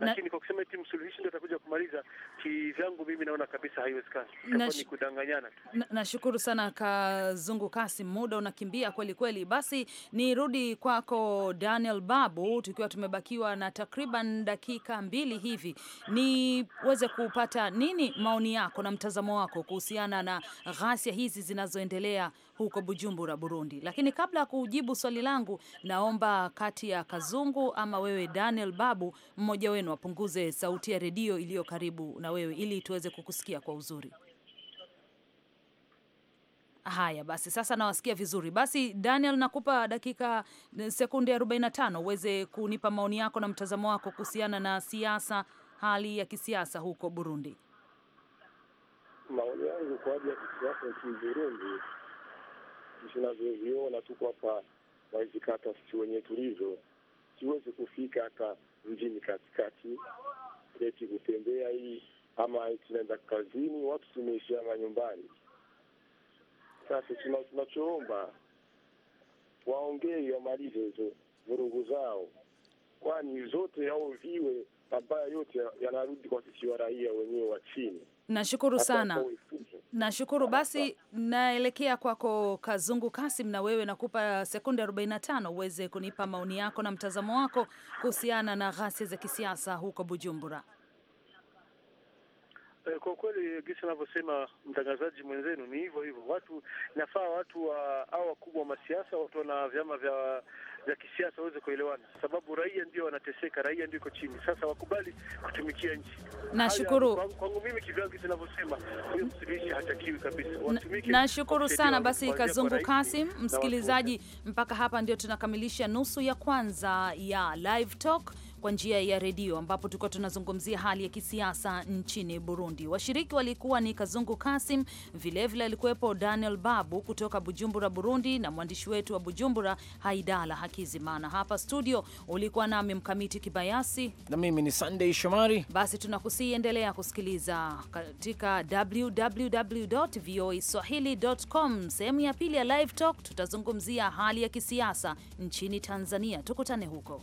lakini kwa kusema eti msuluhishi ndio atakuja kumaliza, kivyangu mimi naona kabisa haiwezekani, itakuwa ni kudanganyana tu. Nashukuru na sana Kazungu Kasi, muda unakimbia kweli kweli. Basi nirudi kwako Daniel Babu, tukiwa tumebakiwa na takriban dakika mbili hivi, niweze kupata nini maoni yako na mtazamo wako kuhusiana na ghasia hizi zinazoendelea huko Bujumbura, Burundi. Lakini kabla ya kujibu swali langu, naomba kati ya Kazungu ama wewe Daniel Babu, mmoja wenu apunguze sauti ya redio iliyo karibu na wewe ili tuweze kukusikia kwa uzuri. Haya basi, sasa nawasikia vizuri. Basi Daniel, nakupa dakika eh, sekunde 45 uweze kunipa maoni yako na mtazamo wako kuhusiana na siasa, hali ya kisiasa huko Burundi. Maoni yangu kwa ajili ya kisiasa nchini Burundi jinsi tuko hapa maizi kata, sisi wenye tulizo siwezi kufika hata mjini katikati eti kutembea hii ama tunaenda kazini, watu tumeishia nyumbani. Sasa tunachoomba waongee, wamalize hizo vurugu zao, kwani zote au viwe mabaya yote yanarudi kwa sisi wa raia wenyewe wa chini. Nashukuru sana. Nashukuru. Basi naelekea kwako Kazungu Kasim, na wewe nakupa sekunde 45 uweze kunipa maoni yako na mtazamo wako kuhusiana na ghasia za kisiasa huko Bujumbura. Eh, kwa kweli gisi anavyosema mtangazaji mwenzenu ni hivyo hivyo, watu nafaa, watu wa au wakubwa wa masiasa, watu na vyama vya za kisiasa waweze kuelewana, sababu raia ndio wanateseka, raia ndio iko chini. Sasa wakubali kutumikia nchi. Nashukuru kwangu mimi kivyangu zinavyosema huyo msuluhishi hatakiwi kabisa, watumike. Nashukuru sana. Basi Kazungu Kasim, msikilizaji, mpaka hapa ndio tunakamilisha nusu ya kwanza ya Live Talk kwa njia ya redio, ambapo tulikuwa tunazungumzia hali ya kisiasa nchini Burundi. Washiriki walikuwa ni Kazungu Kasim, vilevile alikuwepo Daniel Babu kutoka Bujumbura, Burundi, na mwandishi wetu wa Bujumbura Haidala Hakizimana. Hapa studio ulikuwa nami Mkamiti Kibayasi na mimi ni Sunday Shomari. Basi tunakusii endelea kusikiliza katika www.voaswahili.com. Sehemu ya pili ya Live Talk tutazungumzia hali ya kisiasa nchini Tanzania. Tukutane huko.